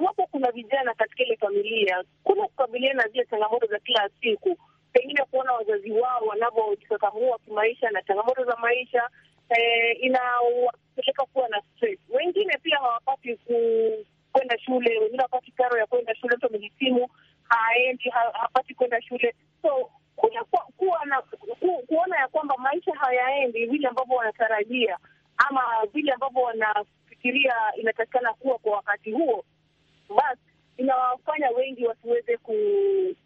iwapo kuna vijana katika ile familia, kuna kukabiliana na zile changamoto za kila siku pengine kuona wazazi wao wanavyojikakamua kimaisha na changamoto za maisha eh, inawapeleka kuwa na stress. Wengine pia hawapati kwenda shule, wengine hawapati karo ya kwenda shule. Mtu amehitimu haendi, hapati kwenda shule, so kuwa, kuwa na, ku, kuona ya kwamba maisha hayaendi vile ambavyo wanatarajia ama vile ambavyo wanafikiria inatakikana kuwa kwa wakati huo, basi inawafanya wengi wasiweze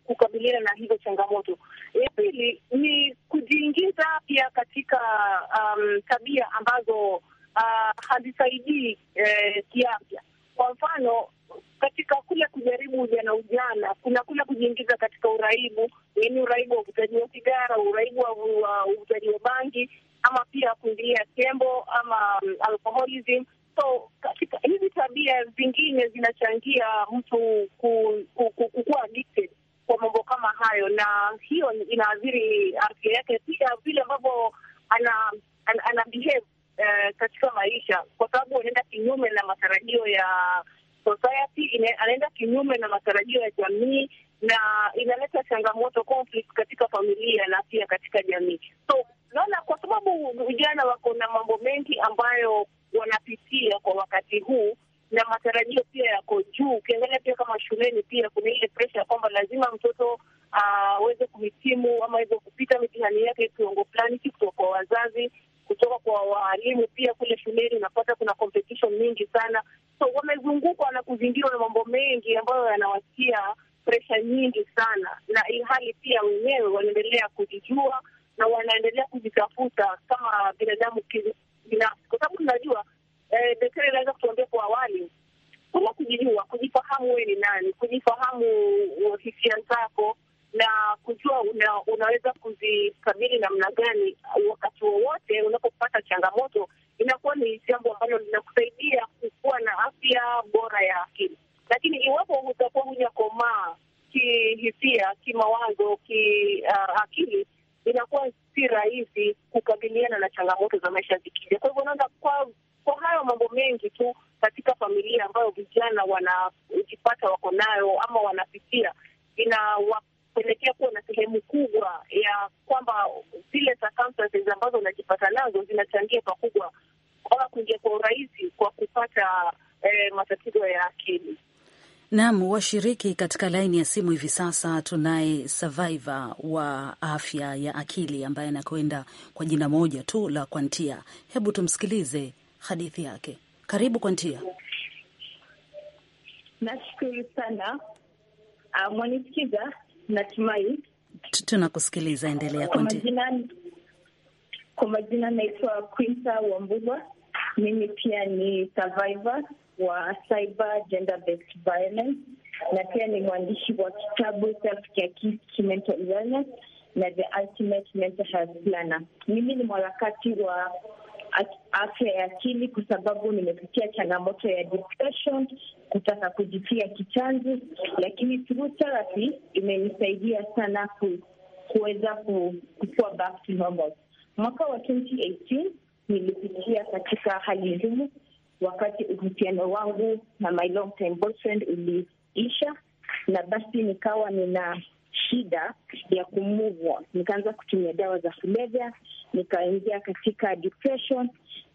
kukabiliana na hizo changamoto. Ya pili ni kujiingiza pia katika um, tabia ambazo uh, hazisaidii eh, kiafya. Kwa mfano katika kule kujaribu ujana ujana, kuna kule kujiingiza katika uraibu, yaani uraibu wa uvutaji wa sigara, uraibu wa uvutaji wa bangi, ama pia kuingilia tembo ama um, alcoholism So katika hizi tabia zingine zinachangia mtu kukuwa addicted kwa mambo kama hayo, na hiyo inaathiri afya yake pia, vile ambavyo ana, ana, ana behave uh, katika maisha, kwa sababu anaenda kinyume na matarajio ya society, anaenda kinyume na matarajio ya jamii na inaleta changamoto conflict katika familia na pia katika jamii. So naona kwa sababu vijana wako na mambo mengi ambayo wanapitia kwa wakati huu, na matarajio pia yako juu. Ukiangalia pia kama shuleni, pia kuna ile presha ya kwamba lazima mtoto ah, aweze uh, kuhitimu ama aweze kupita mitihani yake kiwango fulani, si kutoka kwa wazazi, kutoka kwa waalimu. Pia kule shuleni unapata kuna competition nyingi sana, so wamezungukwa na kuzingirwa na mambo mengi ambayo yanawatia presha nyingi sana, na hali pia wenyewe wanaendelea kujijua na wanaendelea kujitafuta kama binadamu binafsi unajua eh, daktari anaweza kutuambia kwa awali kama kujijua, kujifahamu wewe ni nani, kujifahamu hisia zako na kujua una, unaweza kuzikabili namna gani wakati wowote unapopata changamoto, inakuwa ni jambo ambalo linakusaidia kukuwa na afya bora ya akili. Lakini iwapo utakuwa hujakomaa kihisia, kimawazo, kiakili, ah, uh, inakuwa si rahisi kukabiliana na changamoto za maisha zikija. Kwa hivyo unaona, kwa kwa hayo mambo mengi tu katika familia ambayo vijana wanajipata wako nayo ama wanapitia, inawapelekea kuwa na sehemu kubwa ya kwamba zile circumstances ambazo unajipata nazo zinachangia pakubwa ama kuingia kwa urahisi kwa kupata eh, matatizo ya akili. Naam, washiriki katika laini ya simu hivi sasa tunaye survivor wa afya ya akili ambaye anakwenda kwa jina moja tu la Kwantia. Hebu tumsikilize hadithi yake. Karibu Kwantia. Nashukuru sana uh, ah, mwanisikiza natumai. Tunakusikiliza, endelea Kwa majina naitwa Quinta Wambugwa, mimi pia ni survivor wa cyber gender based violence, na pia ni mwandishi wa kitabu self care keys to mental wellness na the ultimate mental health planner. Mimi ni mwarakati wa afya ya akili kwa sababu nimepitia changamoto ya depression, kutaka kujitia kichanzi, lakini through therapy imenisaidia sana ku, kuweza ku, kukua back to normal. Mwaka wa 2018 nilipitia katika hali ngumu wakati uhusiano wangu na my long time boyfriend uliisha, na basi nikawa nina shida ya kumuvwa Nikaanza kutumia dawa za kulevya, nikaingia katika depression,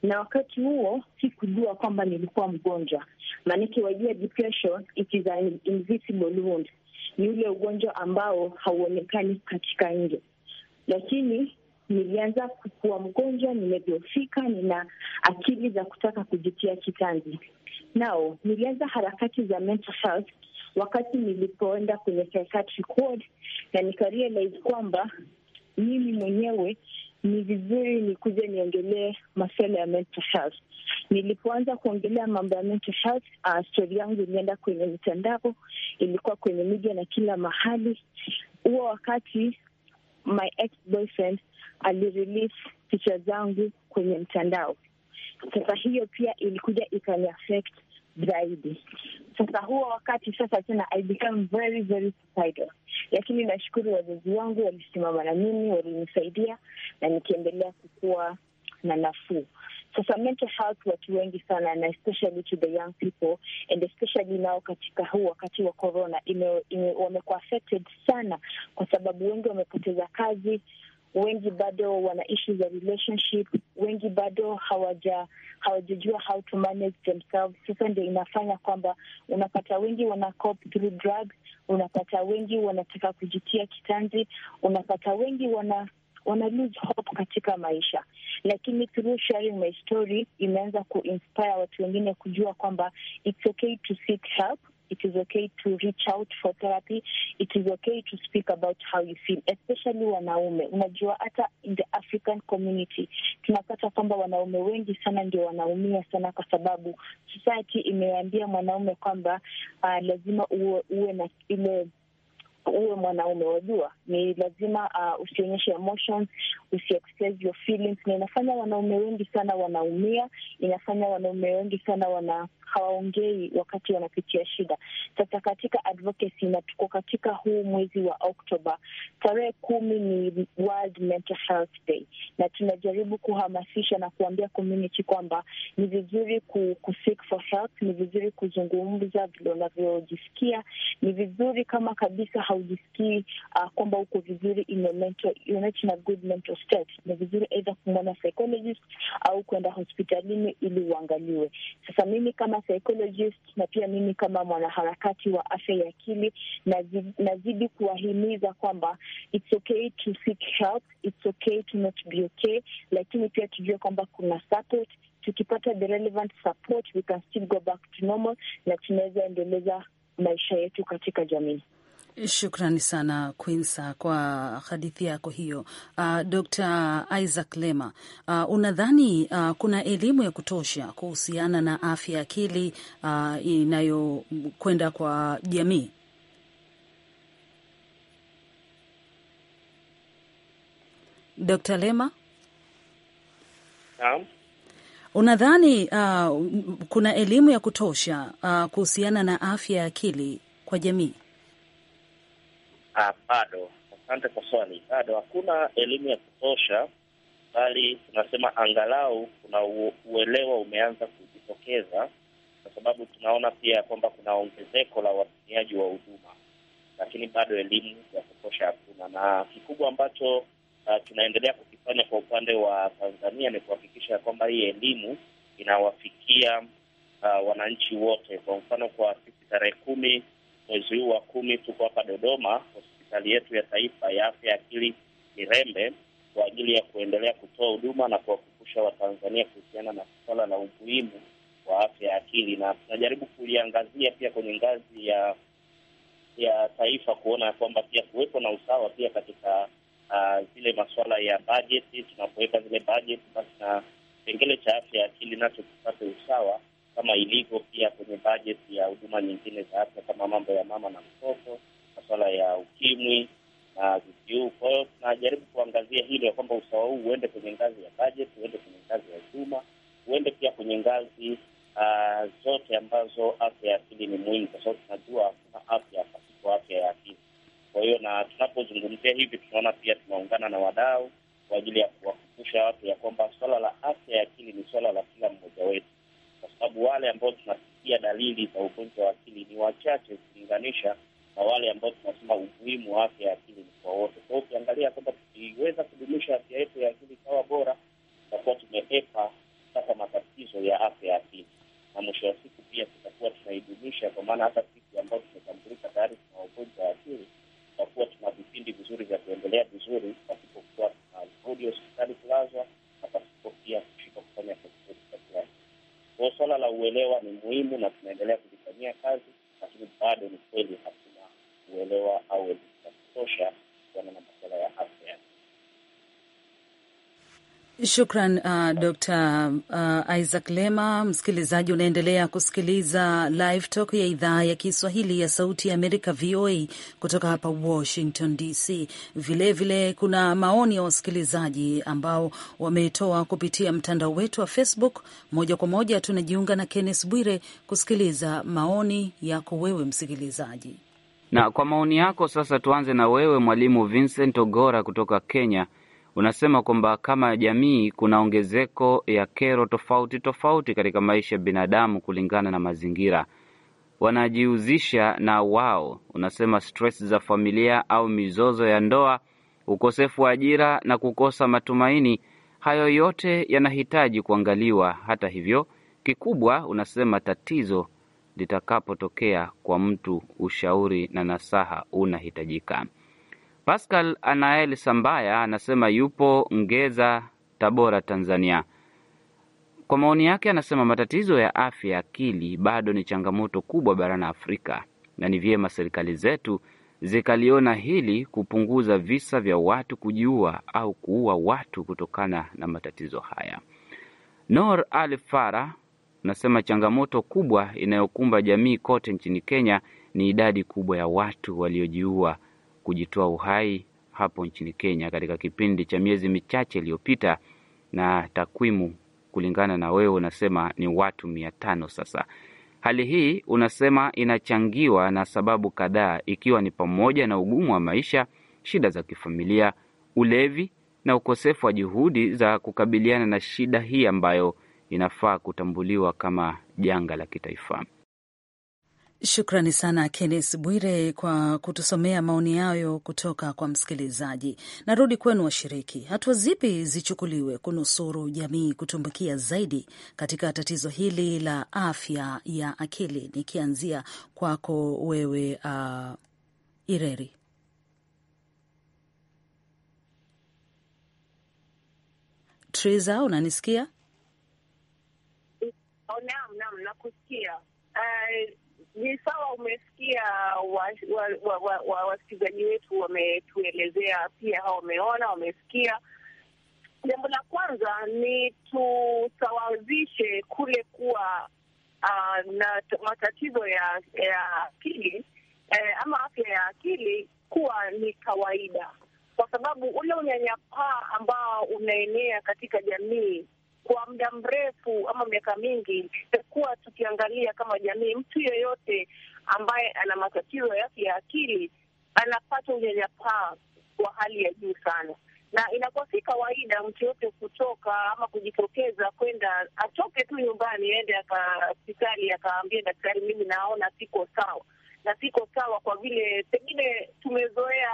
na wakati huo sikujua kwamba nilikuwa mgonjwa, maanake wajua, depression it is an invisible wound, ni ule ugonjwa ambao hauonekani katika nje, lakini nilianza kuwa mgonjwa, nimedhoofika, nina akili za kutaka kujitia kitanzi. Nao nilianza harakati za mental health wakati nilipoenda kwenye psychiatric ward na nikarealize kwamba mimi mwenyewe ni vizuri nikuje niongelee masuala ya mental health. Nilipoanza kuongelea mambo ya mental health, uh, ah, stori yangu ilienda kwenye mitandao, ilikuwa kwenye media na kila mahali. Huo wakati my ex boyfriend alirelease picha zangu kwenye mtandao. Sasa hiyo pia ilikuja ikaniaffect zaidi. Sasa huo wakati sasa tena I become very very suicidal, lakini nashukuru wazazi wangu walisimama na mimi, walinisaidia na nikiendelea kukuwa na nafuu. Sasa mental health watu wengi sana na especially to the young people and especially nao katika huu wakati wa corona, wamekuwa affected sana, kwa sababu wengi wamepoteza kazi, wengi bado wana issues za relationship, wengi bado hawaja hawajajua how to manage themselves. Sasa ndio inafanya kwamba unapata wengi wana cop through drugs, unapata wengi wanataka kujitia kitanzi, unapata wengi wana wana lose hope katika maisha, lakini through sharing my story imeanza kuinspire watu wengine kujua kwamba it's okay to seek help it is okay to reach out for therapy, it is okay to speak about how you feel, especially wanaume. Unajua hata in the African community tunapata kwamba wanaume wengi sana ndio wanaumia sana, kwa sababu society imeambia mwanaume kwamba uh, lazima uwe, uwe na ile uwe mwanaume, wajua ni lazima uh, usionyeshe emotions, usiexpress your feelings, na inafanya wanaume wengi sana wanaumia, inafanya wanaume wengi sana wana hawaongei wakati wanapitia shida. Sasa katika advocacy, na tuko katika huu mwezi wa Oktoba, tarehe kumi ni World Mental Health Day, na tunajaribu kuhamasisha na kuambia community kwamba ni vizuri ku, ku seek for help, ni vizuri kuzungumza vile unavyojisikia. Ni vizuri kama kabisa haujisikii uh, kwamba uko vizuri in a mental, you're not in a good mental state, ni vizuri either kumwona psychologist au kwenda hospitalini ili uangaliwe. Sasa mimi kama kama psychologist na pia mimi kama mwanaharakati wa afya ya akili nazidi, nazidi kuwahimiza kwamba it's okay to seek help, it's okay to not be okay, lakini pia tujue kwamba kuna support. Tukipata the relevant support we can still go back to normal, na tunaweza endeleza maisha yetu katika jamii. Shukrani sana Quinsa kwa hadithi yako hiyo. Uh, ah, Dr. Isaac Lema, uh, unadhani uh, kuna elimu ya kutosha kuhusiana na afya ya akili uh, inayokwenda kwa jamii? Dr. Lema, naam. Unadhani uh, kuna elimu ya kutosha uh, kuhusiana na afya ya akili kwa jamii? Ah, bado. Asante kwa swali. Bado hakuna elimu ya kutosha, bali tunasema angalau kuna uelewa umeanza kujitokeza, kwa sababu tunaona pia kwamba kuna ongezeko la watumiaji wa huduma, lakini bado elimu ya kutosha hakuna, na kikubwa ambacho uh, tunaendelea kukifanya kwa upande wa Tanzania ni kuhakikisha ya kwamba hii elimu inawafikia uh, wananchi wote. Kwa mfano, kwa sisi tarehe kumi mwezi huu wa kumi tuko hapa Dodoma, hospitali yetu ya taifa ya afya ya akili Mirembe, kwa ajili ya kuendelea kutoa huduma na kuwakumbusha Watanzania kuhusiana na suala la umuhimu wa afya ya akili, na tunajaribu kuliangazia pia kwenye ngazi ya ya taifa kuona kwamba pia kuwepo na usawa pia katika uh, zile masuala ya bajeti. Tunapoweka zile bajeti, basi na kipengele cha afya ya akili nacho kipate usawa kama ilivyo pia kwenye bajeti ya huduma nyingine za afya kama mambo ya mama na mtoto, masuala ya ukimwi na VVU. Kwa hiyo tunajaribu kuangazia hilo ya kwamba usawa huu huende kwenye ngazi ya bajeti, huende kwenye ngazi ya huduma, huende pia kwenye ngazi uh, zote ambazo afya ya akili ni muhimu, kwa sababu tunajua hakuna afya pasipo afya ya akili. Kwa hiyo na tunapozungumzia hivi, tunaona pia tunaungana na wadau kwa ajili ya kuwakumbusha watu ya kwamba swala la afya ya akili ni swala la kila mmoja wetu kwa sababu wale ambao tunasikia dalili za ugonjwa wa akili ni wachache ukilinganisha na wale ambao tunasema umuhimu wa afya ya akili ni kwa wote. Kwa Shukran uh, Dr uh, Isaac Lema. Msikilizaji, unaendelea kusikiliza Live Talk ya idhaa ya Kiswahili ya Sauti ya Amerika, VOA, kutoka hapa Washington DC. Vilevile vile, kuna maoni ya wasikilizaji ambao wametoa kupitia mtandao wetu wa Facebook. Moja kwa moja tunajiunga na Kenneth Bwire kusikiliza maoni yako wewe msikilizaji, na kwa maoni yako sasa tuanze na wewe Mwalimu Vincent Ogora kutoka Kenya unasema kwamba kama jamii kuna ongezeko ya kero tofauti tofauti katika maisha ya binadamu kulingana na mazingira wanajihusisha na wao. Unasema stress za familia au mizozo ya ndoa, ukosefu wa ajira na kukosa matumaini, hayo yote yanahitaji kuangaliwa. Hata hivyo, kikubwa unasema tatizo litakapotokea kwa mtu, ushauri na nasaha unahitajika. Pascal Anael Sambaya anasema yupo Ngeza, Tabora, Tanzania. Kwa maoni yake anasema matatizo ya afya ya akili bado ni changamoto kubwa barani Afrika, na ni vyema serikali zetu zikaliona hili kupunguza visa vya watu kujiua au kuua watu kutokana na matatizo haya. Nor Al Fara anasema changamoto kubwa inayokumba jamii kote nchini Kenya ni idadi kubwa ya watu waliojiua kujitoa uhai hapo nchini Kenya katika kipindi cha miezi michache iliyopita, na takwimu kulingana na wewe unasema ni watu mia tano sasa. Hali hii unasema inachangiwa na sababu kadhaa, ikiwa ni pamoja na ugumu wa maisha, shida za kifamilia, ulevi na ukosefu wa juhudi za kukabiliana na shida hii ambayo inafaa kutambuliwa kama janga la kitaifa. Shukrani sana Kennes Bwire kwa kutusomea maoni yayo kutoka kwa msikilizaji. Narudi kwenu washiriki, hatua zipi zichukuliwe kunusuru jamii kutumbukia zaidi katika tatizo hili la afya ya akili? Nikianzia kwako wewe, uh, Ireri. Triza, unanisikia? Oh, naam, naam, nakusikia. Uh, ni sawa, umesikia wasikilizaji wa, wa, wa, wa, wetu wametuelezea pia, hao wameona, wamesikia. Jambo la kwanza ni tusawazishe kule kuwa uh, na matatizo ya, ya akili eh, ama afya ya akili kuwa ni kawaida, kwa sababu ule unyanyapaa ambao unaenea katika jamii kwa muda mrefu ama miaka mingi, tutakuwa tukiangalia kama jamii, mtu yeyote ambaye ana matatizo yake ya akili anapata unyanyapaa wa hali ya juu sana, na inakuwa si kawaida mtu yote kutoka ama kujitokeza kwenda, atoke tu nyumbani aende hospitali akaambia daktari, mimi naona siko sawa na siko sawa, kwa vile pengine tumezoea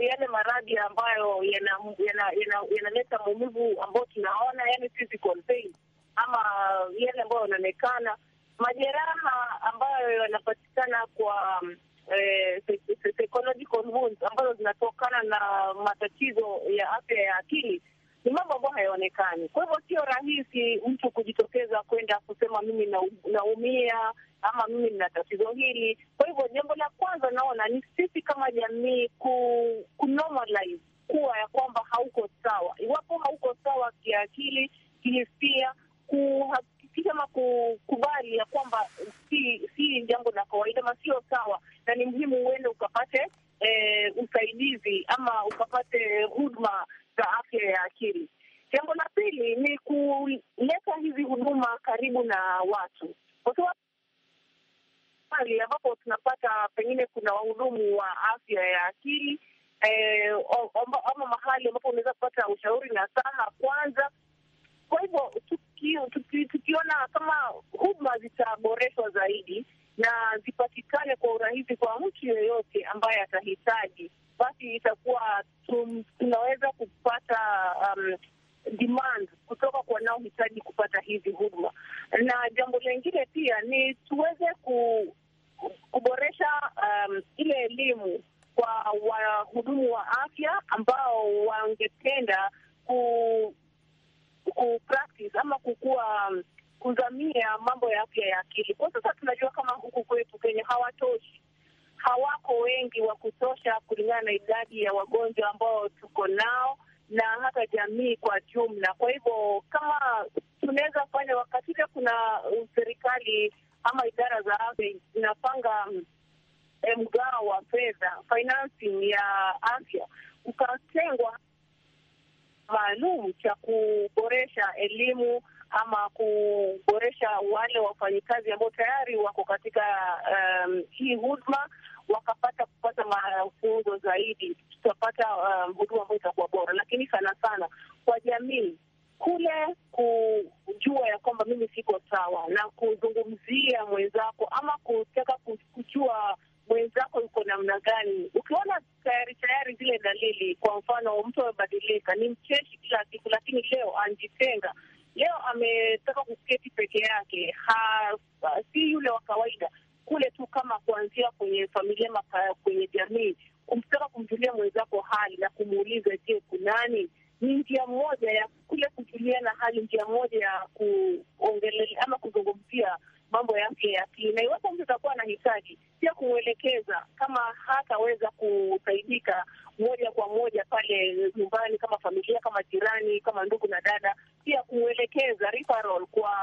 yale maradhi ambayo yanaleta yana, yana, yana maumivu ambayo tunaona, yani physical pain ama yale ambayo yanaonekana majeraha ambayo yanapatikana kwa um, eh, psychological wounds ambazo zinatokana na matatizo ya afya ya akili hayaonekani. Kwa hivyo sio rahisi mtu kujitokeza kwenda kusema mimi naumia na ama mimi nina tatizo hili. Kwa hivyo jambo la kwanza naona ni sisi kama jamii ku, ku normalize kuwa ya kwamba hauko sawa. Iwapo hauko sawa kiakili, kihisia, kuhakikisha ama kukubali ya kwamba si, si jambo la kawaida ama sio sawa, na ni muhimu uende ukapate eh, usaidizi ama ukapate huduma za afya ya akili. Jambo la pili ni kuleta hizi huduma karibu na watu, wakiwa hali ambapo tunapata pengine kuna wahudumu wa afya ya akili eh, ama mahali ambapo unaweza kupata ushauri na saha kwanza. Kwa hivyo tukiona tuki, tuki kama huduma zitaboreshwa zaidi na zipatikane kwa urahisi kwa mtu yeyote ambaye atahitaji, basi itakuwa tunaweza kupata um, demand kutoka kwa wanaohitaji kupata hizi huduma. Na jambo lingine pia ni tuweze ku, kuboresha um, ile elimu kwa wahudumu wa afya ambao wangependa ku, ku practice ama kukua um, kuzamia mambo ya afya ya akili. Kwa sasa tunajua kama huku kwetu Kenya hawatoshi, hawako wengi wa kutosha kulingana na idadi ya wagonjwa ambao tuko nao na hata jamii kwa jumla. Kwa hivyo kama tunaweza fanya wakati ile kuna uh, serikali ama idara za afya zinapanga eh, mgao wa fedha financing ya afya, kukatengwa maalum cha kuboresha elimu ama kuboresha wale wafanyikazi ambao tayari wako katika um, hii huduma wakapata kupata mafunzo zaidi, tutapata um, huduma ambayo itakuwa bora, lakini sana sana kwa jamii kule kujua ya kwamba mimi siko sawa na kuzungumzia mwenzako ama kutaka kujua mwenzako yuko namna gani. Ukiona tayari tayari zile dalili, kwa mfano mtu amebadilika, ni mcheshi kila siku, lakini leo anajitenga, leo ametaka kuketi peke yake, ha, si yule wa kawaida kule tu, kama kuanzia kwenye familia maka, kwenye jamii, kumtaka kumjulia mwenzako hali na kumuuliza je, kunani ni njia moja ya kule kujulia na hali, njia moja ya kuongelea ama kuzungumzia mambo yake ya akili, na iwapo mtu atakuwa anahitaji pia kumwelekeza, kama hataweza kusaidika moja kwa moja pale nyumbani, kama familia, kama jirani, kama ndugu na dada, pia kumwelekeza referral kwa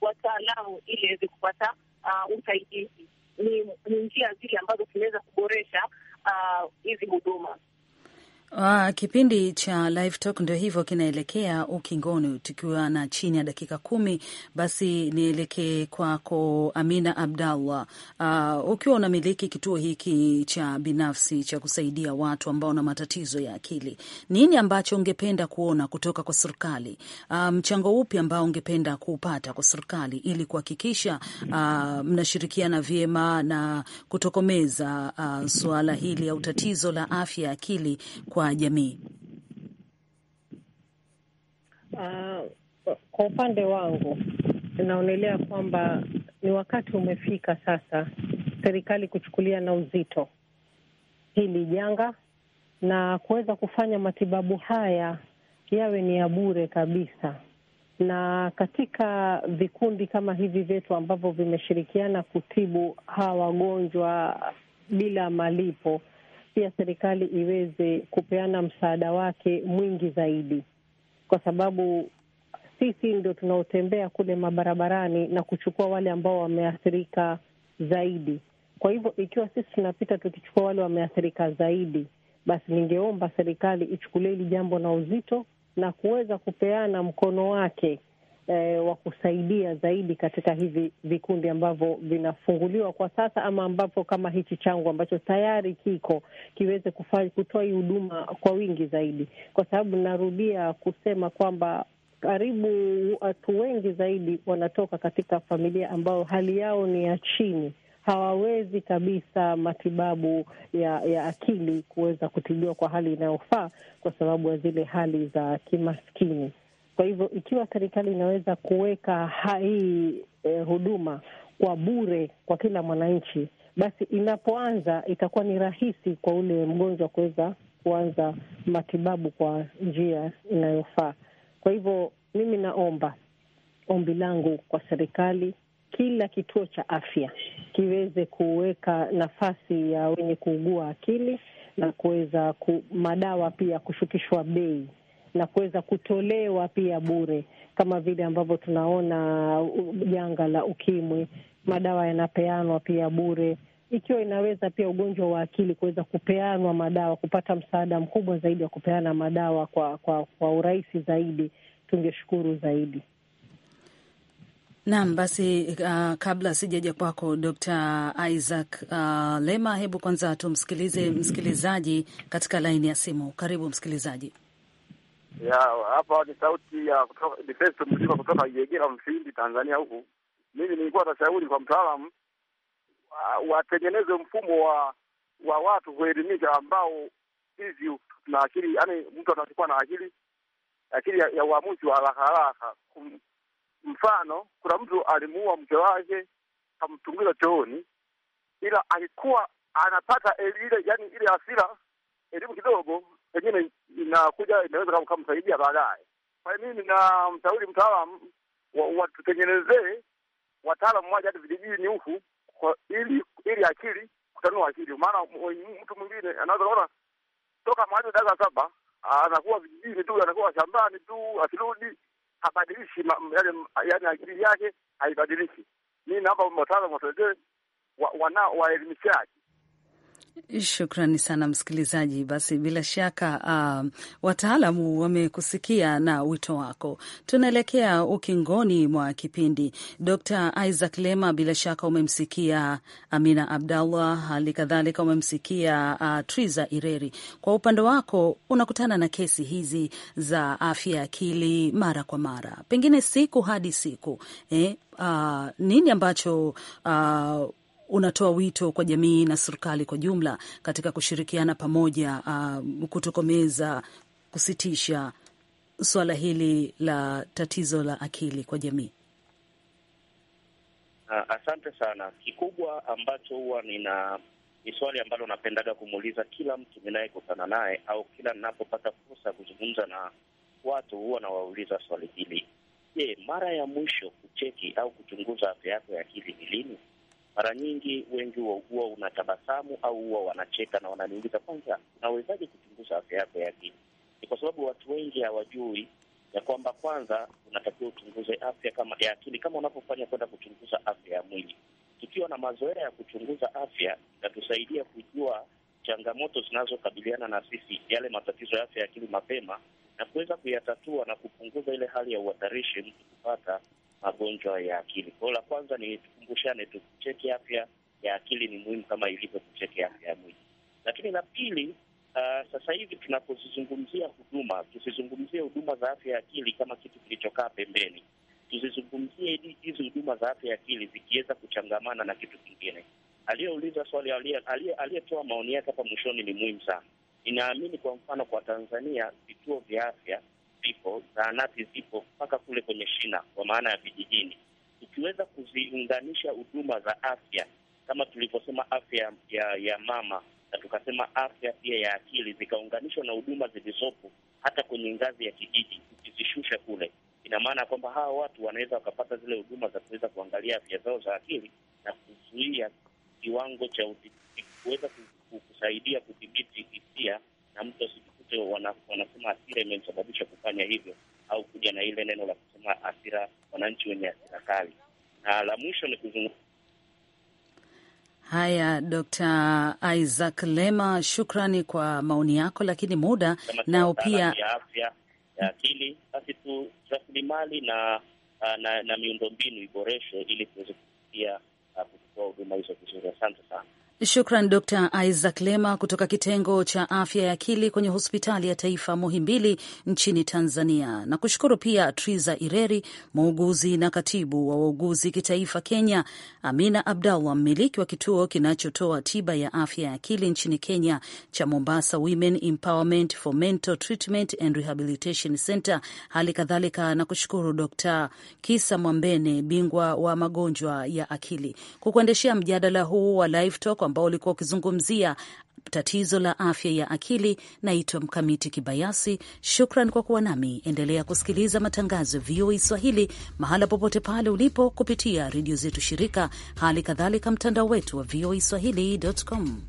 wataalamu ili aweze kupata uh, usaidizi. Ni, ni njia zile ambazo tunaweza kuboresha uh, hizi uh, huduma. Uh, kipindi cha Live Talk ndio hivyo kinaelekea ukingoni, tukiwa na chini ya dakika kumi. Basi nielekee kwako Amina Abdallah. Uh, ukiwa unamiliki kituo hiki cha binafsi cha kusaidia watu ambao na matatizo ya akili, nini ambacho ungependa kuona kutoka kwa serikali? Ah, mchango um, upi ambao ungependa kuupata kwa serikali ili kuhakikisha uh, mnashirikiana vyema na kutokomeza uh, suala hili au tatizo la afya ya akili kwa kwa jamii? Uh, kwa upande wangu naonelea kwamba ni wakati umefika sasa serikali kuchukulia na uzito hili janga na kuweza kufanya matibabu haya yawe ni ya bure kabisa, na katika vikundi kama hivi vyetu ambavyo vimeshirikiana kutibu hawa wagonjwa bila malipo pia serikali iweze kupeana msaada wake mwingi zaidi, kwa sababu sisi ndio tunaotembea kule mabarabarani na kuchukua wale ambao wameathirika zaidi. Kwa hivyo ikiwa sisi tunapita tukichukua wale wameathirika zaidi, basi ningeomba serikali ichukulie hili jambo na uzito na kuweza kupeana mkono wake eh, wa kusaidia zaidi katika hivi vikundi ambavyo vinafunguliwa kwa sasa, ama ambapo kama hichi changu ambacho tayari kiko kiweze kutoa hii huduma kwa wingi zaidi, kwa sababu narudia kusema kwamba karibu watu wengi zaidi wanatoka katika familia ambayo hali yao ni ya chini hawawezi kabisa matibabu ya, ya akili kuweza kutibiwa kwa hali inayofaa kwa sababu ya zile hali za kimaskini. Kwa hivyo ikiwa serikali inaweza kuweka hii eh, huduma kwa bure kwa kila mwananchi, basi inapoanza itakuwa ni rahisi kwa ule mgonjwa kuweza kuanza matibabu kwa njia inayofaa. Kwa hivyo mimi naomba, ombi langu kwa serikali, kila kituo cha afya kiweze kuweka nafasi ya wenye kuugua akili na kuweza madawa pia kushukishwa bei na kuweza kutolewa pia bure, kama vile ambavyo tunaona janga la ukimwi, madawa yanapeanwa pia bure. Ikiwa inaweza pia ugonjwa wa akili kuweza kupeanwa madawa, kupata msaada mkubwa zaidi wa kupeana madawa kwa, kwa, kwa urahisi zaidi, tungeshukuru zaidi. Naam, basi uh, kabla sijaja kwako Dr. Isaac uh, Lema, hebu kwanza tumsikilize msikilizaji katika laini ya simu. Karibu msikilizaji. Hapa ni sauti ya Festo kutoka Iegera, Mfindi, Tanzania. Huku mimi nilikuwa nashauri kwa mtaalamu watengeneze mfumo wa wa watu kuelimisha, ambao hizi na akili, yani, mtu anachukua na akili akili ya uamuzi wa haraka haraka. Mfano, kuna mtu alimuua mke wake kamtungiza chooni, ila alikuwa anapata ile, yani ile asira elimu kidogo pengine inakuja inaweza kumsaidia baadaye. Kwa hiyo mimi ninamshauri mtaalamu watutengenezee wataalamu mmoja hadi vijijini huku, ili ili akili kutanua akili, maana mtu mwingine anaweza kuona toka mwanzo darasa saba anakuwa vijijini tu, anakuwa shambani tu, asirudi habadilishi yani akili yake haibadilishi. Mi naomba wataalamu watuletee waelimishaji Shukrani sana msikilizaji. Basi bila shaka uh, wataalamu wamekusikia na wito wako. Tunaelekea ukingoni mwa kipindi. Dr Isaac Lema, bila shaka umemsikia Amina Abdallah, hali kadhalika umemsikia uh, Triza Ireri. Kwa upande wako, unakutana na kesi hizi za afya ya akili mara kwa mara, pengine siku hadi siku eh? Uh, nini ambacho uh, unatoa wito kwa jamii na serikali kwa jumla katika kushirikiana pamoja, uh, kutokomeza, kusitisha suala hili la tatizo la akili kwa jamii? Uh, asante sana. Kikubwa ambacho huwa nina ni swali ambalo napendaga kumuuliza kila mtu ninayekutana naye au kila ninapopata fursa ya kuzungumza na watu, huwa nawauliza swali hili: Je, mara ya mwisho kucheki au kuchunguza afya yako ya akili ni lini? mara nyingi wengi huwa unatabasamu au huwa wanacheka na wananiuliza, kwanza, unawezaje kuchunguza afya yako ya akili? Ni kwa sababu watu wengi hawajui ya kwamba kwanza unatakiwa uchunguze afya kama ya akili kama unavyofanya kwenda kuchunguza afya ya mwili. Tukiwa na mazoea ya kuchunguza afya, itatusaidia kujua changamoto zinazokabiliana na sisi, yale matatizo ya afya ya akili mapema, na kuweza kuyatatua na kupunguza ile hali ya uhatarishi mtu kupata magonjwa ya akili. Kwao la kwanza ni tukumbushane tu, kucheki afya ya akili ni muhimu kama ilivyo kucheki afya ya mwili. Lakini la pili, uh, sasa hivi tunapozizungumzia huduma, tusizungumzie huduma za afya ya akili kama kitu kilichokaa pembeni. Tuzizungumzie hizi huduma za afya ya akili zikiweza kuchangamana na kitu kingine. Aliyeuliza swali, aliyetoa maoni yake hapa mwishoni ni muhimu sana. Ninaamini kwa mfano, kwa Tanzania vituo vya afya zipo, zahanati zipo mpaka kule kwenye shina, kwa maana ya vijijini. Tukiweza kuziunganisha huduma za afya kama tulivyosema afya ya, ya mama na tukasema afya pia ya akili zikaunganishwa na huduma zilizopo hata kwenye ngazi ya kijiji, tukizishusha kule, ina maana kwamba hawa watu wanaweza wakapata zile huduma za kuweza kuangalia afya zao za akili na kuzuia kiwango cha kuweza kusaidia kudhibiti hisia na mtu wote wanasema asira imemsababisha kufanya hivyo, au kuja na ile neno la kusema asira, wananchi wenye asira kali. Na la mwisho ni kuzungu Haya, Dr. Isaac Lema, shukrani kwa maoni yako, lakini muda nao pia ya afya ya akili, basi tu rasilimali na, ah, na, na miundombinu iboreshwe ili tuweze kufikia ah, kutoa huduma hizo vizuri. Asante sana. Shukran Dr Isaac Lema kutoka kitengo cha afya ya akili kwenye hospitali ya taifa Muhimbili nchini Tanzania. Na kushukuru pia Triza Ireri, muuguzi na katibu wa wauguzi kitaifa Kenya, Amina Abdallah, mmiliki wa kituo kinachotoa tiba ya afya ya akili nchini Kenya cha Mombasa Women Empowerment for Mental Treatment and Rehabilitation Center. Hali kadhalika na kushukuru Dr Kisa Mwambene, bingwa wa magonjwa ya akili, kukuendeshea mjadala huu wa Live Talk ambao ulikuwa ukizungumzia tatizo la afya ya akili. Naitwa Mkamiti Kibayasi. Shukran kwa kuwa nami. Endelea kusikiliza matangazo ya VOA Swahili mahala popote pale ulipo, kupitia redio zetu shirika, hali kadhalika mtandao wetu wa swahilicom